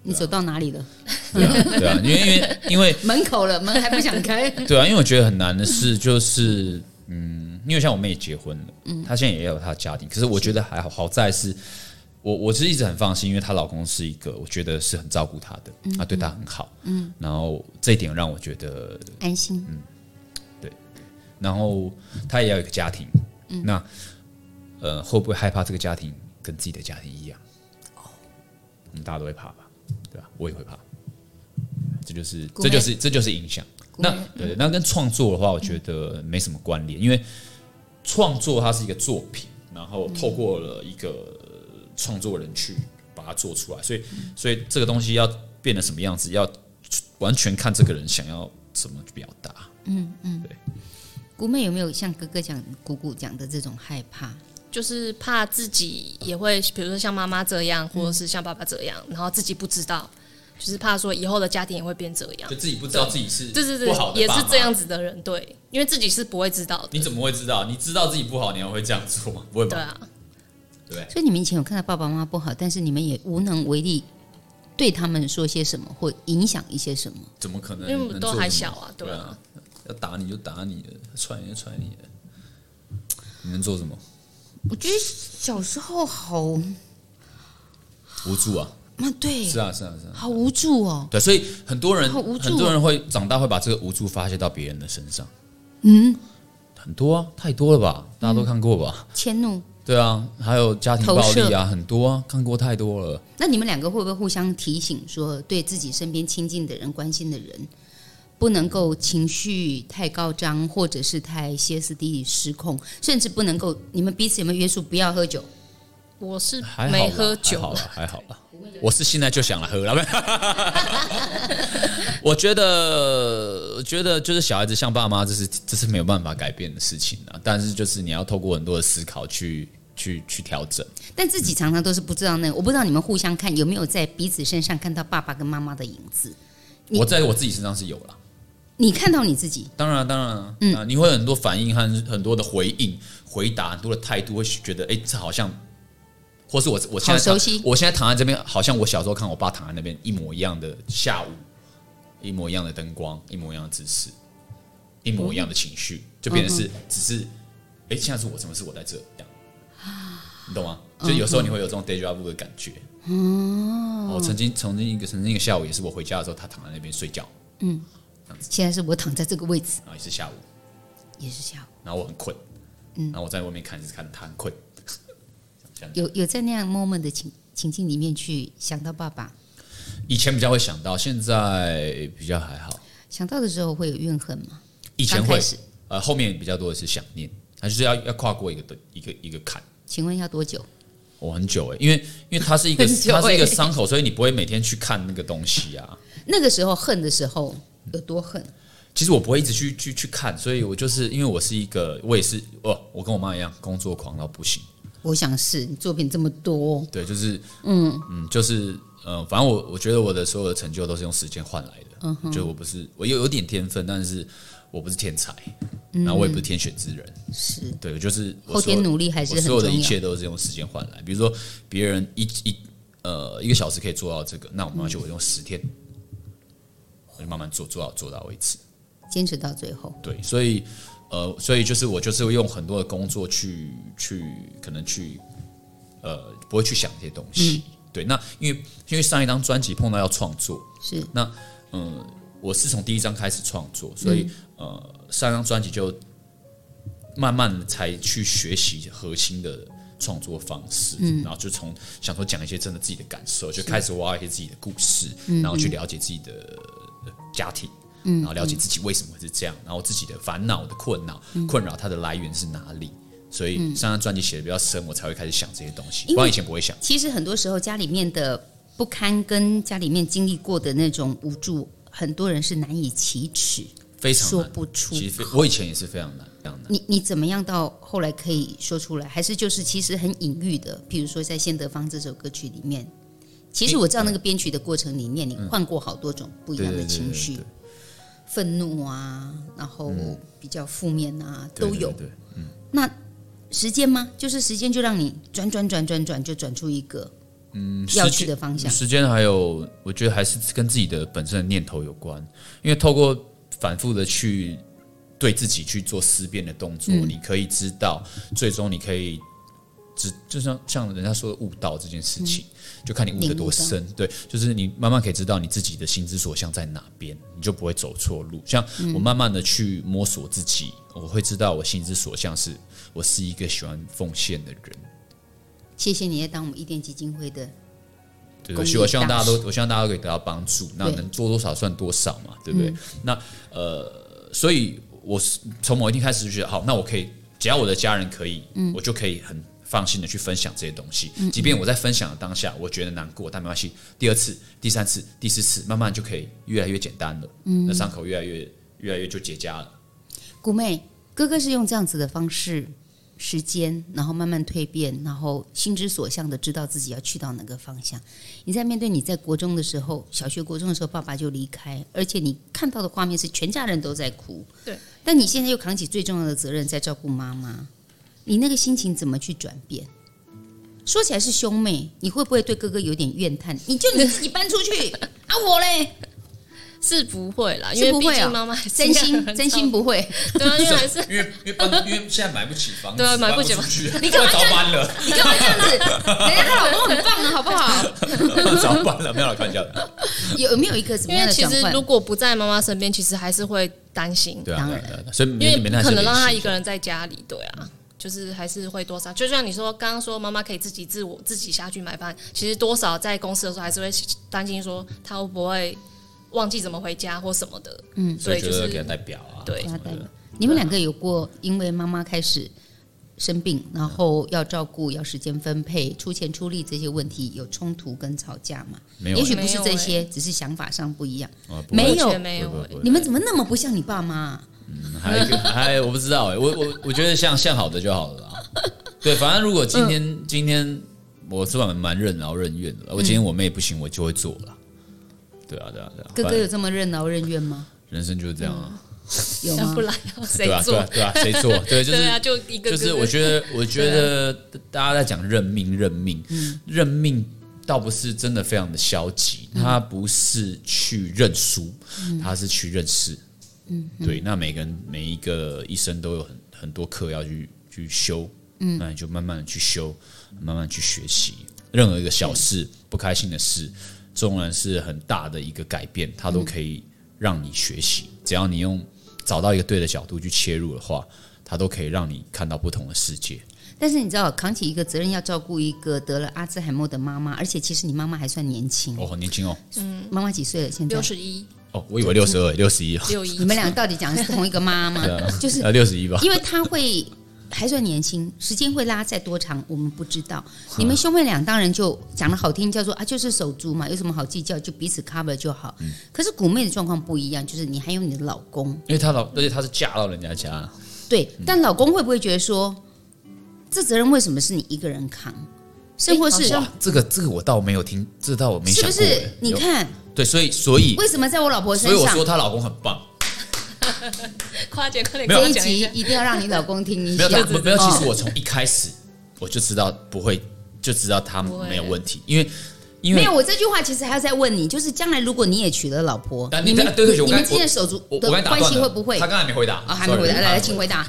啊、你走到哪裡了？對啊，對啊，因為因為因為門口了，門還不想開。 對，對啊，因為我覺得很難的是，就是嗯，因為像我妹結婚了，嗯、她現在也要有她的家庭，可是我覺得還好，好在是我，我是一直很放心，因為她老公是一個我覺得是很照顧她的，他對她很好，嗯，然後這一點讓我覺得安心，嗯，對，然後她也要有一個家庭，嗯，那呃，會不會害怕這個家庭跟自己的家庭一樣？哦，嗯、大家都會怕吧。對吧、啊？我也會怕。這就是這就是這就是影響。那對，對那跟創作的話，我覺得沒什麼關聯、嗯，因為創作它是一個作品，然後透過了一個創作人去把它做出來，所以、嗯、所以這個東西要變得什麼樣子，要完全看這個人想要怎麼表達。嗯嗯，對。姑妹有沒有像哥哥講姑姑講的這種害怕？就是怕自己也會，比如說像媽媽這樣，或者是像爸爸這樣，嗯、然後自己不知道，就是怕說以後的家庭也會變這樣。就自己不知道自己是，對對對，也是這樣子的人，對，因為自己是不會知道的。你怎麼會知道？你知道自己不好，你還會這樣做嗎？不會吧？對啊，對。所以你們以前有看到爸爸媽媽不好，但是你們也無能為力，對他們說些什麼，或影響一些什麼？怎麼可能？因為我們都還小啊，對啊。對啊，要打你就打你了，踹你就踹你，你能做什麼？我覺得小時候好，好無助啊！那對是、啊，是啊是啊是啊，好無助哦。對，所以很多人，哦、很多人會長大會把這個無助發洩到別人的身上。嗯，很多啊，太多了吧？大家都看過吧？遷怒。對啊，還有家庭暴力啊，很多啊，看過太多了。那你們兩個會不會互相提醒，說對自己身邊親近的人、關心的人？不能夠情緒太高漲或者是太歇斯底裡失控，甚至不能夠，你們彼此有沒有約束不要喝酒？我是沒喝酒，好了，還好吧。我是現在就想來喝， 我覺得，覺得就是小孩子像爸媽，這是這是沒有辦法改變的事情啊。但是就是你要透過很多的思考去去去調整。但自己常常都是不知道那個嗯，我不知道你們互相看有沒有在彼此身上看到爸爸跟媽媽的影子。我在我自己身上是有了。你看到你自己？當然，當然，嗯，你會有很多反應和很多的回應、回答、很多的態度，會覺得，哎、欸，這好像，或是我我現在熟悉我現在躺在這邊，好像我小時候看我爸躺在那邊一模一樣的下午，一模一樣的燈光，一模一樣的姿勢，一模一樣的情緒、嗯，就變成是，嗯、只是，哎、欸，現在是我，怎麼是我在這這樣？你懂嗎？所以有時候你會有這種 deja vu 的感覺。哦、嗯，我曾經曾經一個曾經一個下午也是我回家的時候，他躺在那邊睡覺。嗯。現在是我躺在這個位置，然後也是下午，也是下午，然後我很困，嗯，然後我在外面看，就是看他很困，有有在那樣 moment 的情情境裡面去想到爸爸，以前比較會想到，現在比較還好。想到的時候會有怨恨嗎？以前會，呃，後面比較多的是想念，它就是要要跨過一個一個一個一個坎。請問要多久？我、哦、很久哎，因為因為它是一個它是一個傷口，所以你不會每天去看那個東西啊。那個時候恨的時候。有多狠？其實我不會一直去去去看，所以我就是因為我是一個，我也是哦，我跟我媽一樣工作狂到不行。我想是你作品這麼多，哦，對，就是嗯嗯，就是呃，反正我我覺得我的所有的成就都是用時間換來的。嗯，就我不是，我又有點天分，但是我不是天才，嗯，然後我也不是天選之人，是對，就是我後天努力還是很重要。所有的一切都是用時間換來。比如說別人一一,一呃一個小時可以做到這個，那我媽就會用十天。嗯就慢慢做，做到做到為止，堅持到最後。對，所以，呃，所以就是我就是用很多的工作去去可能去呃不會去想一些東西、嗯。對，那因為因為上一張專輯碰到要創作是那嗯、呃、我是從第一張開始創作，所以、嗯、呃上一張專輯就慢慢才去學習核心的創作方式，嗯、然後就從想說講一些真的自己的感受，就開始挖一些自己的故事、嗯，然後去了解自己的。家庭，嗯，然後了解自己為什麼會是這樣，嗯嗯、然後自己的煩惱的困擾、嗯，困擾它的來源是哪裡？所以上張專輯寫的比較深，我才會開始想這些東西。不然以前不會想。其實很多時候家裡面的不堪跟家裡面經歷過的那種無助，很多人是難以啟齒，非常說不出。其實我以前也是非常難，非常難。你你怎麼樣到後來可以說出來？還是就是其實很隱喻的？譬如說在《先得方》這首歌曲裡面。其實我知道那個編曲的過程裡面，你換過好多種不一樣的情緒，憤怒啊，然後比較負面啊，嗯、都有。對對對對嗯、那時間嗎？就是時間就讓你轉轉轉轉轉，就轉出一個嗯要去的方向。時間還有，我覺得還是跟自己的本身的念頭有關，因為透過反覆的去對自己去做思辨的動作，嗯、你可以知道最終你可以。就就像像人家說的悟道這件事情，嗯、就看你悟得多深。對，就是你慢慢可以知道你自己的心之所向在哪邊，你就不會走錯路。像我慢慢的去摸索自己、嗯，我會知道我心之所向是，我是一個喜歡奉獻的人。謝謝你也當我們伊甸基金會的，對，我希我希望大家都，我希望大家都可以得到幫助。那能做多少算多少嘛，對不對？嗯、那呃，所以我從某一天開始就覺得，好，那我可以，只要我的家人可以，嗯、我就可以很。放心的去分享這些東西，即便我在分享的當下我覺得難過，嗯嗯、但沒關係。第二次、第三次、第四次，慢慢就可以越來越簡單了。嗯，那傷口越來越、越來越就結痂了。鼓妹，哥哥是用這樣子的方式、時間，然後慢慢蛻變，然後心之所向的知道自己要去到哪個方向。你在面對你在國中的時候，小學、國中的時候，爸爸就離開，而且你看到的畫面是全家人都在哭。對，但你現在又扛起最重要的責任，在照顧媽媽。你那個心情，怎麼去轉變？說起來是兄妹，你會不會對哥哥有點怨嘆？你就你自己搬出去 啊我！我嘞是不會啦，不會啊、因為畢竟媽媽真心真心不會。對啊，因為還是，是，因為因為因為現在買不起房子，對啊，買不起房，你幹嘛，嘛這樣子？你幹嘛這樣子？人家老公很棒啊，好不好？早 搬了，沒有，看一下有沒有一個什麼樣的？因為其實如果不在媽媽身邊，其實還是會擔心。對啊，當然所以沒因為不可能讓她一個人在家裡。對啊。就是還是會多少，就像你說剛剛說媽媽可以自己自我自己下去買飯，其實多少在公司的時候還是會擔心說她會不會忘記怎麼回家或什麼的。嗯，所以就是就給他代表啊，對，給他代表。你們兩個有過因為媽媽開始生病，然後要照顧，要時間分配、出錢出力這些問題有衝突跟吵架嗎？沒有，也許不是這些、欸，只是想法上不一樣。啊、沒有，沒有、欸，你們怎麼那麼不像你爸媽？嗯，還有一個還我不知道哎、欸，我我我覺得像像好的就好了啦。對，反正如果今天、嗯、今天我算還蠻任勞任怨的、嗯，我今天我妹不行，我就會做了。對啊對啊對啊！哥哥有這麼任勞任怨嗎？人生就是這樣了、嗯，有啊對啊對啊，誰、啊啊啊、做 對、啊？對，就是，就，一個是就是我覺得、啊、我覺得大家在講認命認命認命，認命嗯、認命倒不是真的非常的消極、嗯，他不是去認輸、嗯，他是去認識嗯，嗯，對，那每個人每一個醫生都有很很多課要去去修，嗯，那你就慢慢的去修，慢慢去學習。任何一個小事、嗯、不開心的事，縱然是很大的一個改變，它都可以讓你學習。嗯、只要你用找到一個對的角度去切入的話，它都可以讓你看到不同的世界。但是你知道，扛起一個責任要照顧一個得了阿茲海默的媽媽，而且其實你媽媽還算年輕，哦，好年輕哦。嗯，媽媽幾歲了？現在六十一。哦，我以為六十二，六十一啊。六一，你們兩個到底講的是同一個媽嗎？ 就是六十一吧。因為她會還算年輕，時間會拉再多長，我們不知道。啊、你們兄妹倆當然就講得好聽，叫做啊，就是手足嘛，有什麼好計較，就彼此 cover 就好。嗯、可是鼓妹的狀況不一樣，就是你還有你的老公，因為她老，而且她是嫁到人家家。對，但老公會不會覺得說，這責任為什麼是你一個人扛？生、欸、活是好好、啊、這個，這個我倒沒有聽，這個、倒我沒想是不是你看。對，所以，所以為什麼在我老婆身上？所以我說她老公很棒，誇獎誇獎。這一集一定要讓你老公聽一下。 沒有，沒有。其實我從一開始我就知道不會， 就知道他沒有問題，因為。因為沒有，我這句話其實還要再問你，就是將來如果你也娶了老婆，你們、啊、對對對你們之間的手足我的關係會不會？他剛才沒回答啊、哦，還沒回答，來來，請回答。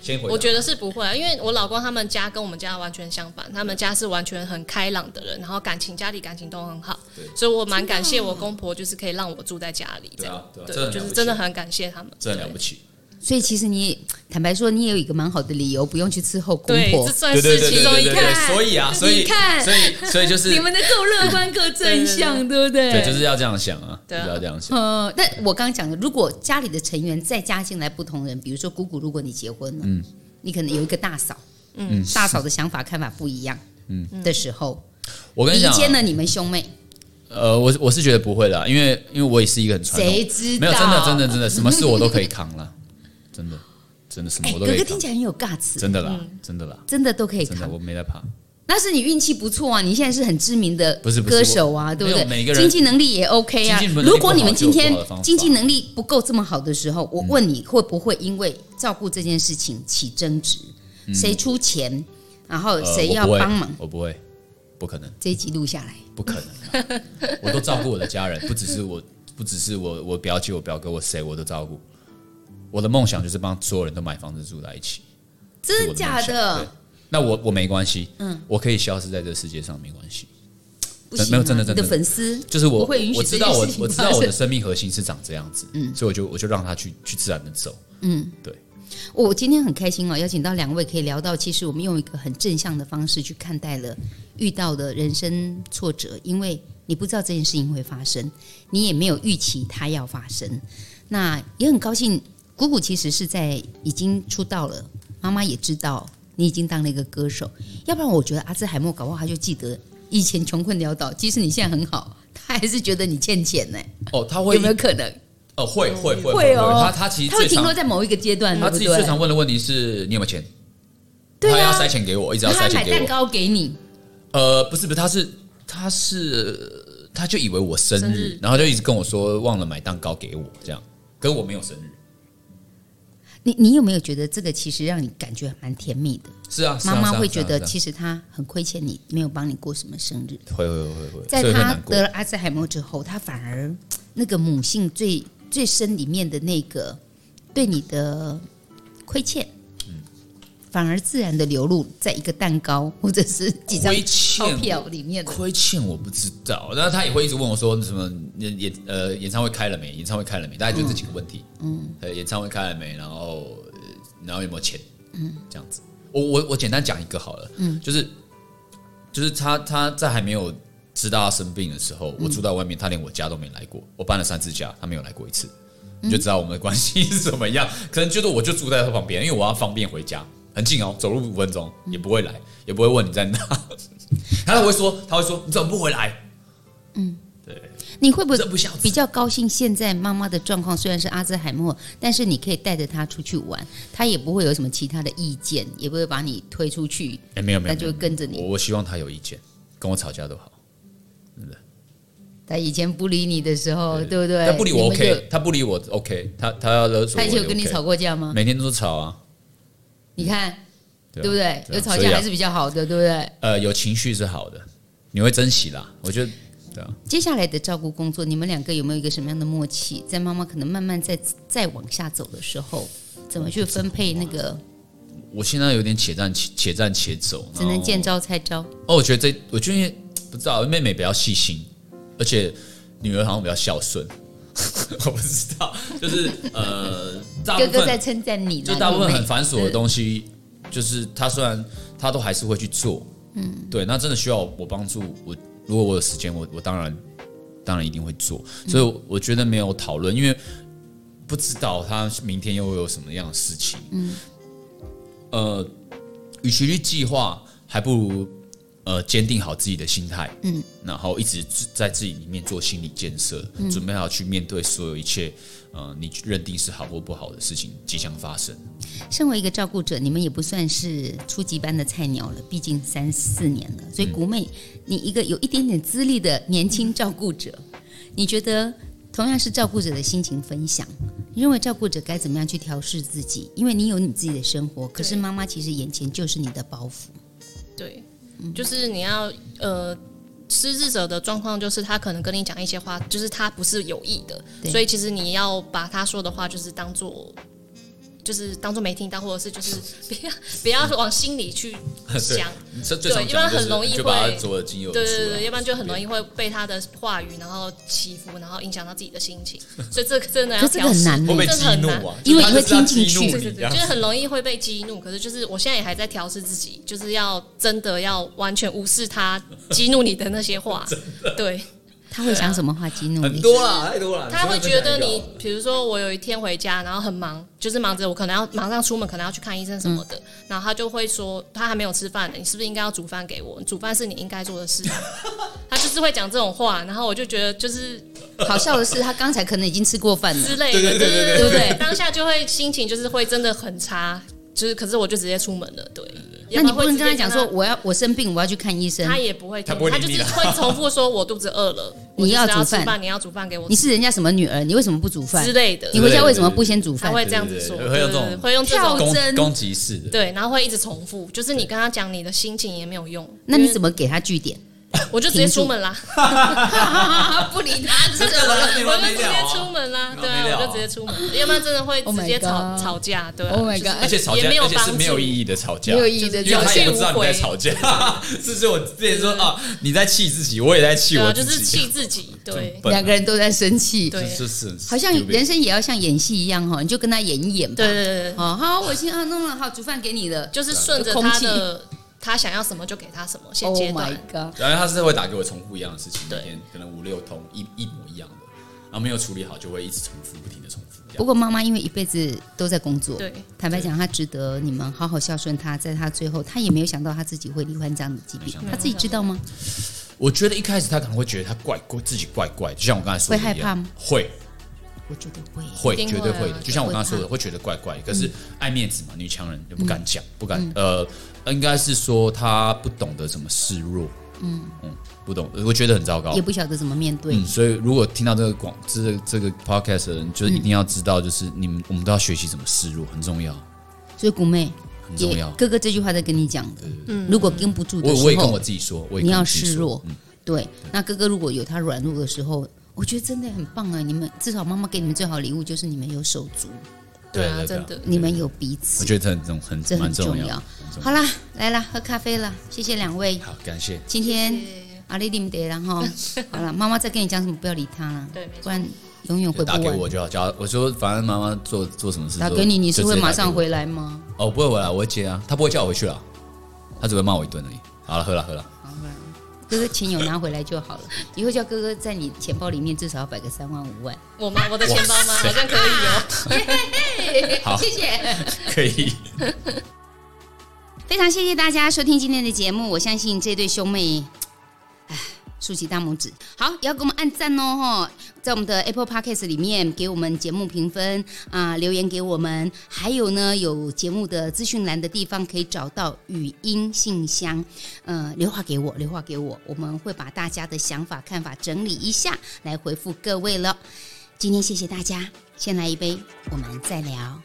先回答。 我覺得是不會、啊，因為我老公他們家跟我們家完全相反，他們家是完全很開朗的人，然後感情家裡感情都很好，所以我蠻感謝我公婆，就是可以讓我住在家裡這樣，對、啊對、啊對、啊對，就是真的很感謝他們，這很了不起。所以其實你坦白說，你也有一個蠻好的理由，不用去伺候公婆。對，這算是其中一個。所以啊，所以所以所以,所以就是 你們的夠樂觀，夠正向，對不對,對？對,對,對,對,對,對，就是要這樣想啊，對啊，要這樣想。呃，但我剛剛講的，如果家裡的成員再加進來不同人，比如說姑姑，如果你結婚了、嗯，你可能有一個大嫂，嗯，大嫂的想法看法不一樣，嗯的時候，嗯、我跟你講、啊，你兼了你們兄妹。呃，我我是覺得不會了、啊，因為因為我也是一個很傳統誰知道，沒有真的真的真的什麼事我都可以扛了。 真的，真的是，哥哥聽起來很有尬詞。真的啦，真的啦，真的都可以看。我沒在怕，那是你運氣不錯啊！你現在是很知名的歌手啊，不是不是對不對？每個人經濟能力也 OK 啊。如果你們今天經濟能力不夠這麼好的時候，我問你會不會因為照顧這件事情起爭執？誰出錢，然後誰要幫忙？呃，我，我不會，不可能。這一集錄下來， 不可能啊。我都照顧我的家人，不只是我，不只是我，我表姐、我表哥、我誰我，我都照顧。我的夢想就是幫所有人都買房子住在一起，真的假的？那我我沒關係，嗯，我可以消失在這世界上，沒關係，啊。沒有真的真的你的粉絲，就是我，我會允許。我知道我我知道我的生命核心是長這樣子，嗯，所以我就我就讓他去去自然的走，嗯，對。我今天很開心啊、哦，邀請到兩位可以聊到，其實我們用一個很正向的方式去看待了遇到的人生挫折，因為你不知道這件事情會發生，你也沒有預期它要發生，那也很高興。鼓鼓其實是在已經出道了，媽媽也知道你已經當了一個歌手，要不然我覺得阿茲海默搞不好，他就記得以前窮困潦倒，即使你現在很好，他還是覺得你欠錢呢。哦，他會有沒有可能？哦，會會會哦會哦，他他其實他會停留在某一個階段，對對，他自己最常問的問題是，你有，有問問題是你有沒有錢？對啊，他要塞錢給我，一直要塞錢給我，買蛋糕給你。呃，不是不是，他是他是他就以為我生日是是，然後就一直跟我說忘了買蛋糕給我，這樣，可是我沒有生日。你你有沒有覺得這個其實讓你感覺蠻甜蜜的？是啊，媽媽會覺得其實她很虧欠你，沒有幫你過什麼生日。會會會會，在她得了阿茲海默之後，她反而那個母性最最深裡面的那個對你的虧欠。反而自然的流露在一個蛋糕或者是幾張鈔票裡面的。虧欠我不知道，然後他也會一直問我說什麼演、演呃演唱會開了沒？演唱會開了沒？大概就這幾個問題。嗯，演唱會開了沒？然後然後有沒有錢？嗯，這樣子。我我我簡單講一個好了。嗯，就是就是他他在還沒有知道他生病的時候，我住在外面，嗯、他連我家都沒來過。我搬了三次家，他沒有來過一次，嗯、就知道我們的關係是怎麼樣。可能覺得我就住在他旁邊，因為我要方便回家。很近哦，走路五分鐘也不會來，嗯，也不會問你在哪。 他還他會說：“他會說你怎麼不回來？”嗯，對。你會不會比較高興？現在媽媽的狀況雖然是阿茲海默，但是你可以帶着她出去玩，她也不會有什麼其他的意見，也不會把你推出去。哎沒有沒有，那就會跟着你我。我希望她有意見，跟我吵架都好，真的。她他以前不理你的時候，對，對不對？他不理我 OK，他不理我 OK，他不理我 OK，他他 OK，他有跟你吵過架嗎？每天都吵啊。你看，對啊，對不對？對啊？有吵架還是比較好的，對啊，對不對？呃，有情緒是好的，你會珍惜啦。我覺得，對啊。接下來的照顧工作，你們兩個有沒有一個什麼樣的默契？在媽媽可能慢慢再再往下走的時候，怎麼去分配那個？我現在有點且戰且且戰且走，只能見招拆招。哦，我覺得這，我覺得不知道，妹妹比較細心，而且女兒好像比較孝順。我不知道，就是呃大、哥哥在稱讚你，就大部分很繁瑣的東西，是就是他雖然他都還是會去做，嗯，對，那真的需要我幫助，我如果我有時間，我我當然當然一定會做，所以我覺得沒有討論，因為不知道他明天又會有什麼樣的事情，嗯，呃，與其去計劃，還不如。呃，堅定好自己的心態，嗯，然後一直在自己裡面做心理建設，嗯，準備好去面對所有一切，呃，你認定是好或不好的事情即將發生。身為一個照顧者，你們也不算是初級班的菜鳥了，畢竟三四年了。所以鼓妹，鼓、嗯、妹，你一個有一點點資歷的年輕照顧者，嗯，你覺得同樣是照顧者的心情分享，你認為照顧者該怎麼樣去調適自己？因為你有你自己的生活，可是媽媽其實眼前就是你的包袱。對。對就是你要呃，失智者的狀況，就是他可能跟你講一些話，就是他不是有意的，對，所以其實你要把他說的話就是當做。就是當做沒聽到，或者是就是不要不要往心裡去想，對，一般、就是、很容易會對對對，對，要不然就很容易會被他的話語然後起伏，然後影響到自己的心情，啊、所以這真的要這個很難，這很難，因為他你因為他會聽進去，就是很容易會被激怒。可是就是我現在也還在調適自己，就是要真的要完全無視他激怒你的那些話，啊、對。他會想什麼話激怒你？啊、很多了，太多了。他會覺得你，比如說我有一天回家，然後很忙，就是忙着我可能要馬上出門，可能要去看醫生什麼的，嗯、然後他就會說他還沒有吃飯呢，你是不是應該要煮飯給我？煮飯是你應該做的事。 他就是會講這種話，然後我就覺得就是好笑的是，他剛才可能已經吃過飯了之類的，就是、對，對，對，對，對，對，對不對？ 當下就會心情就是會真的很差，就是可是我就直接出門了。對，那你會跟他講說 我要我生病，我要去看醫生，他也不會，不會，他就是會重複說我肚子餓了。你要煮飯，你要煮飯給我。你是人家什麼女兒？你為什麼不煮飯之類的對對對對？你回家為什麼不先煮飯？他會這樣子說，對對對對，會用這種，會用跳針攻擊式，對，然後會一直重複。就是你跟他講你的心情也沒有用，那你怎麼給他句點？我就直接出門啦， 不理他、啊，我就直接出門啦要要了、啊。對，我就直接出門，oh、要不然真的會直接吵、oh、吵架。對、啊 Oh my God.，而且吵架，而且是沒有意義的吵架，沒有意義的就是、有因為他也不知道你在吵架。對對對，是不是我之前說、啊、你在氣自己，我也在氣我自己。對，兩、就是、個人都在生氣。對，是好像人生也要像演戲一樣哈，你就跟他演一演吧對，對對對，好，我先啊弄了，好，煮飯給你的，就是順着他的。他想要什麼就給他什麼，先接的一個。然、oh、後他是會打給我重複一樣的事情，那天可能五六通，一一模一樣的，然後沒有處理好，就會一直重複，不停的重複。不過媽媽因為一輩子都在工作，坦白講，她值得你們好好孝順她，在她最後，她也沒有想到她自己會罹患這樣子疾病。她自己知道嗎？我覺得一開始她可能會覺得她怪怪，自己怪怪，就像我剛才說的樣。會害怕嗎？會，我覺得會，會，會、啊、絕對會的，就像我剛才說的，會覺得怪怪，嗯、可是愛面子嘛，女強人就不敢講、嗯，不敢、嗯、呃。應該是說他不懂得怎麼示弱，嗯，嗯不懂，我覺得很糟糕，也不曉得怎麼面對。嗯，所以如果聽到這個廣這這個 podcast 的人就一定要知道，就是你們、嗯、我們都要學習怎麼示弱，很重要。所以古妹，很重要。哥哥這句話在跟你講，嗯，如果跟不住我，我，也跟我，我也跟我自己說，你要示弱。嗯、對，那哥哥如果有他軟弱的時候，我覺得真的很棒哎、啊，你們至少媽媽給你們最好禮物就是你們有手足。對、啊啊真，真的，你們有彼此，我覺得這種很很，這很重要。重要好了，來了，喝咖啡了，謝謝兩位，好，感謝。今天阿里林的，然後好了，媽媽 在跟你講什麼，不要理他了，對，不然永遠會打給我就好。叫我說，反正媽媽做做什麼事情，打給你，你是會馬上回來嗎？哦，不會回來，我會接啊，他不會叫我回去了，他只會罵我一頓而已。好了，喝了，喝了。好哥哥錢有拿回來就好了，以後叫哥哥在你錢包裡面至少要擺個三萬五萬。我嗎？我的錢包嗎？好像可以哦。 好，謝謝。可以。非常謝謝大家收聽今天的節目，我相信這對兄妹。豎起大拇指，好，也要給我們按讚哦，在我們的 Apple Podcast 裡面給我們節目評分啊，留言給我們，還有呢，有節目的資訊欄的地方可以找到語音信箱，嗯，留話給我，留話給我，我，我們會把大家的想法看法整理一下來回復各位了。今天謝謝大家，先來一杯，我們再聊。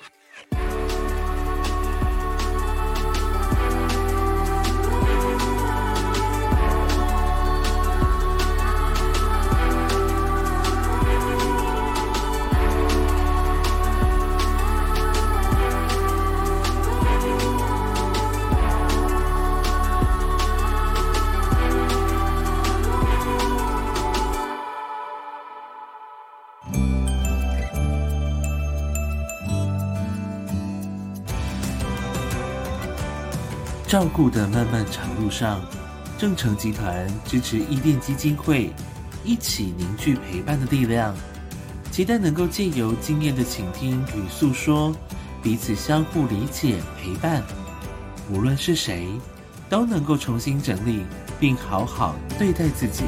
照顧的漫漫長路上，正成集團支持伊甸基金會，一起凝聚陪伴的力量，期待能夠借由經驗的傾聽與訴說，彼此相互理解陪伴，無論是誰，都能夠重新整理並好好對待自己。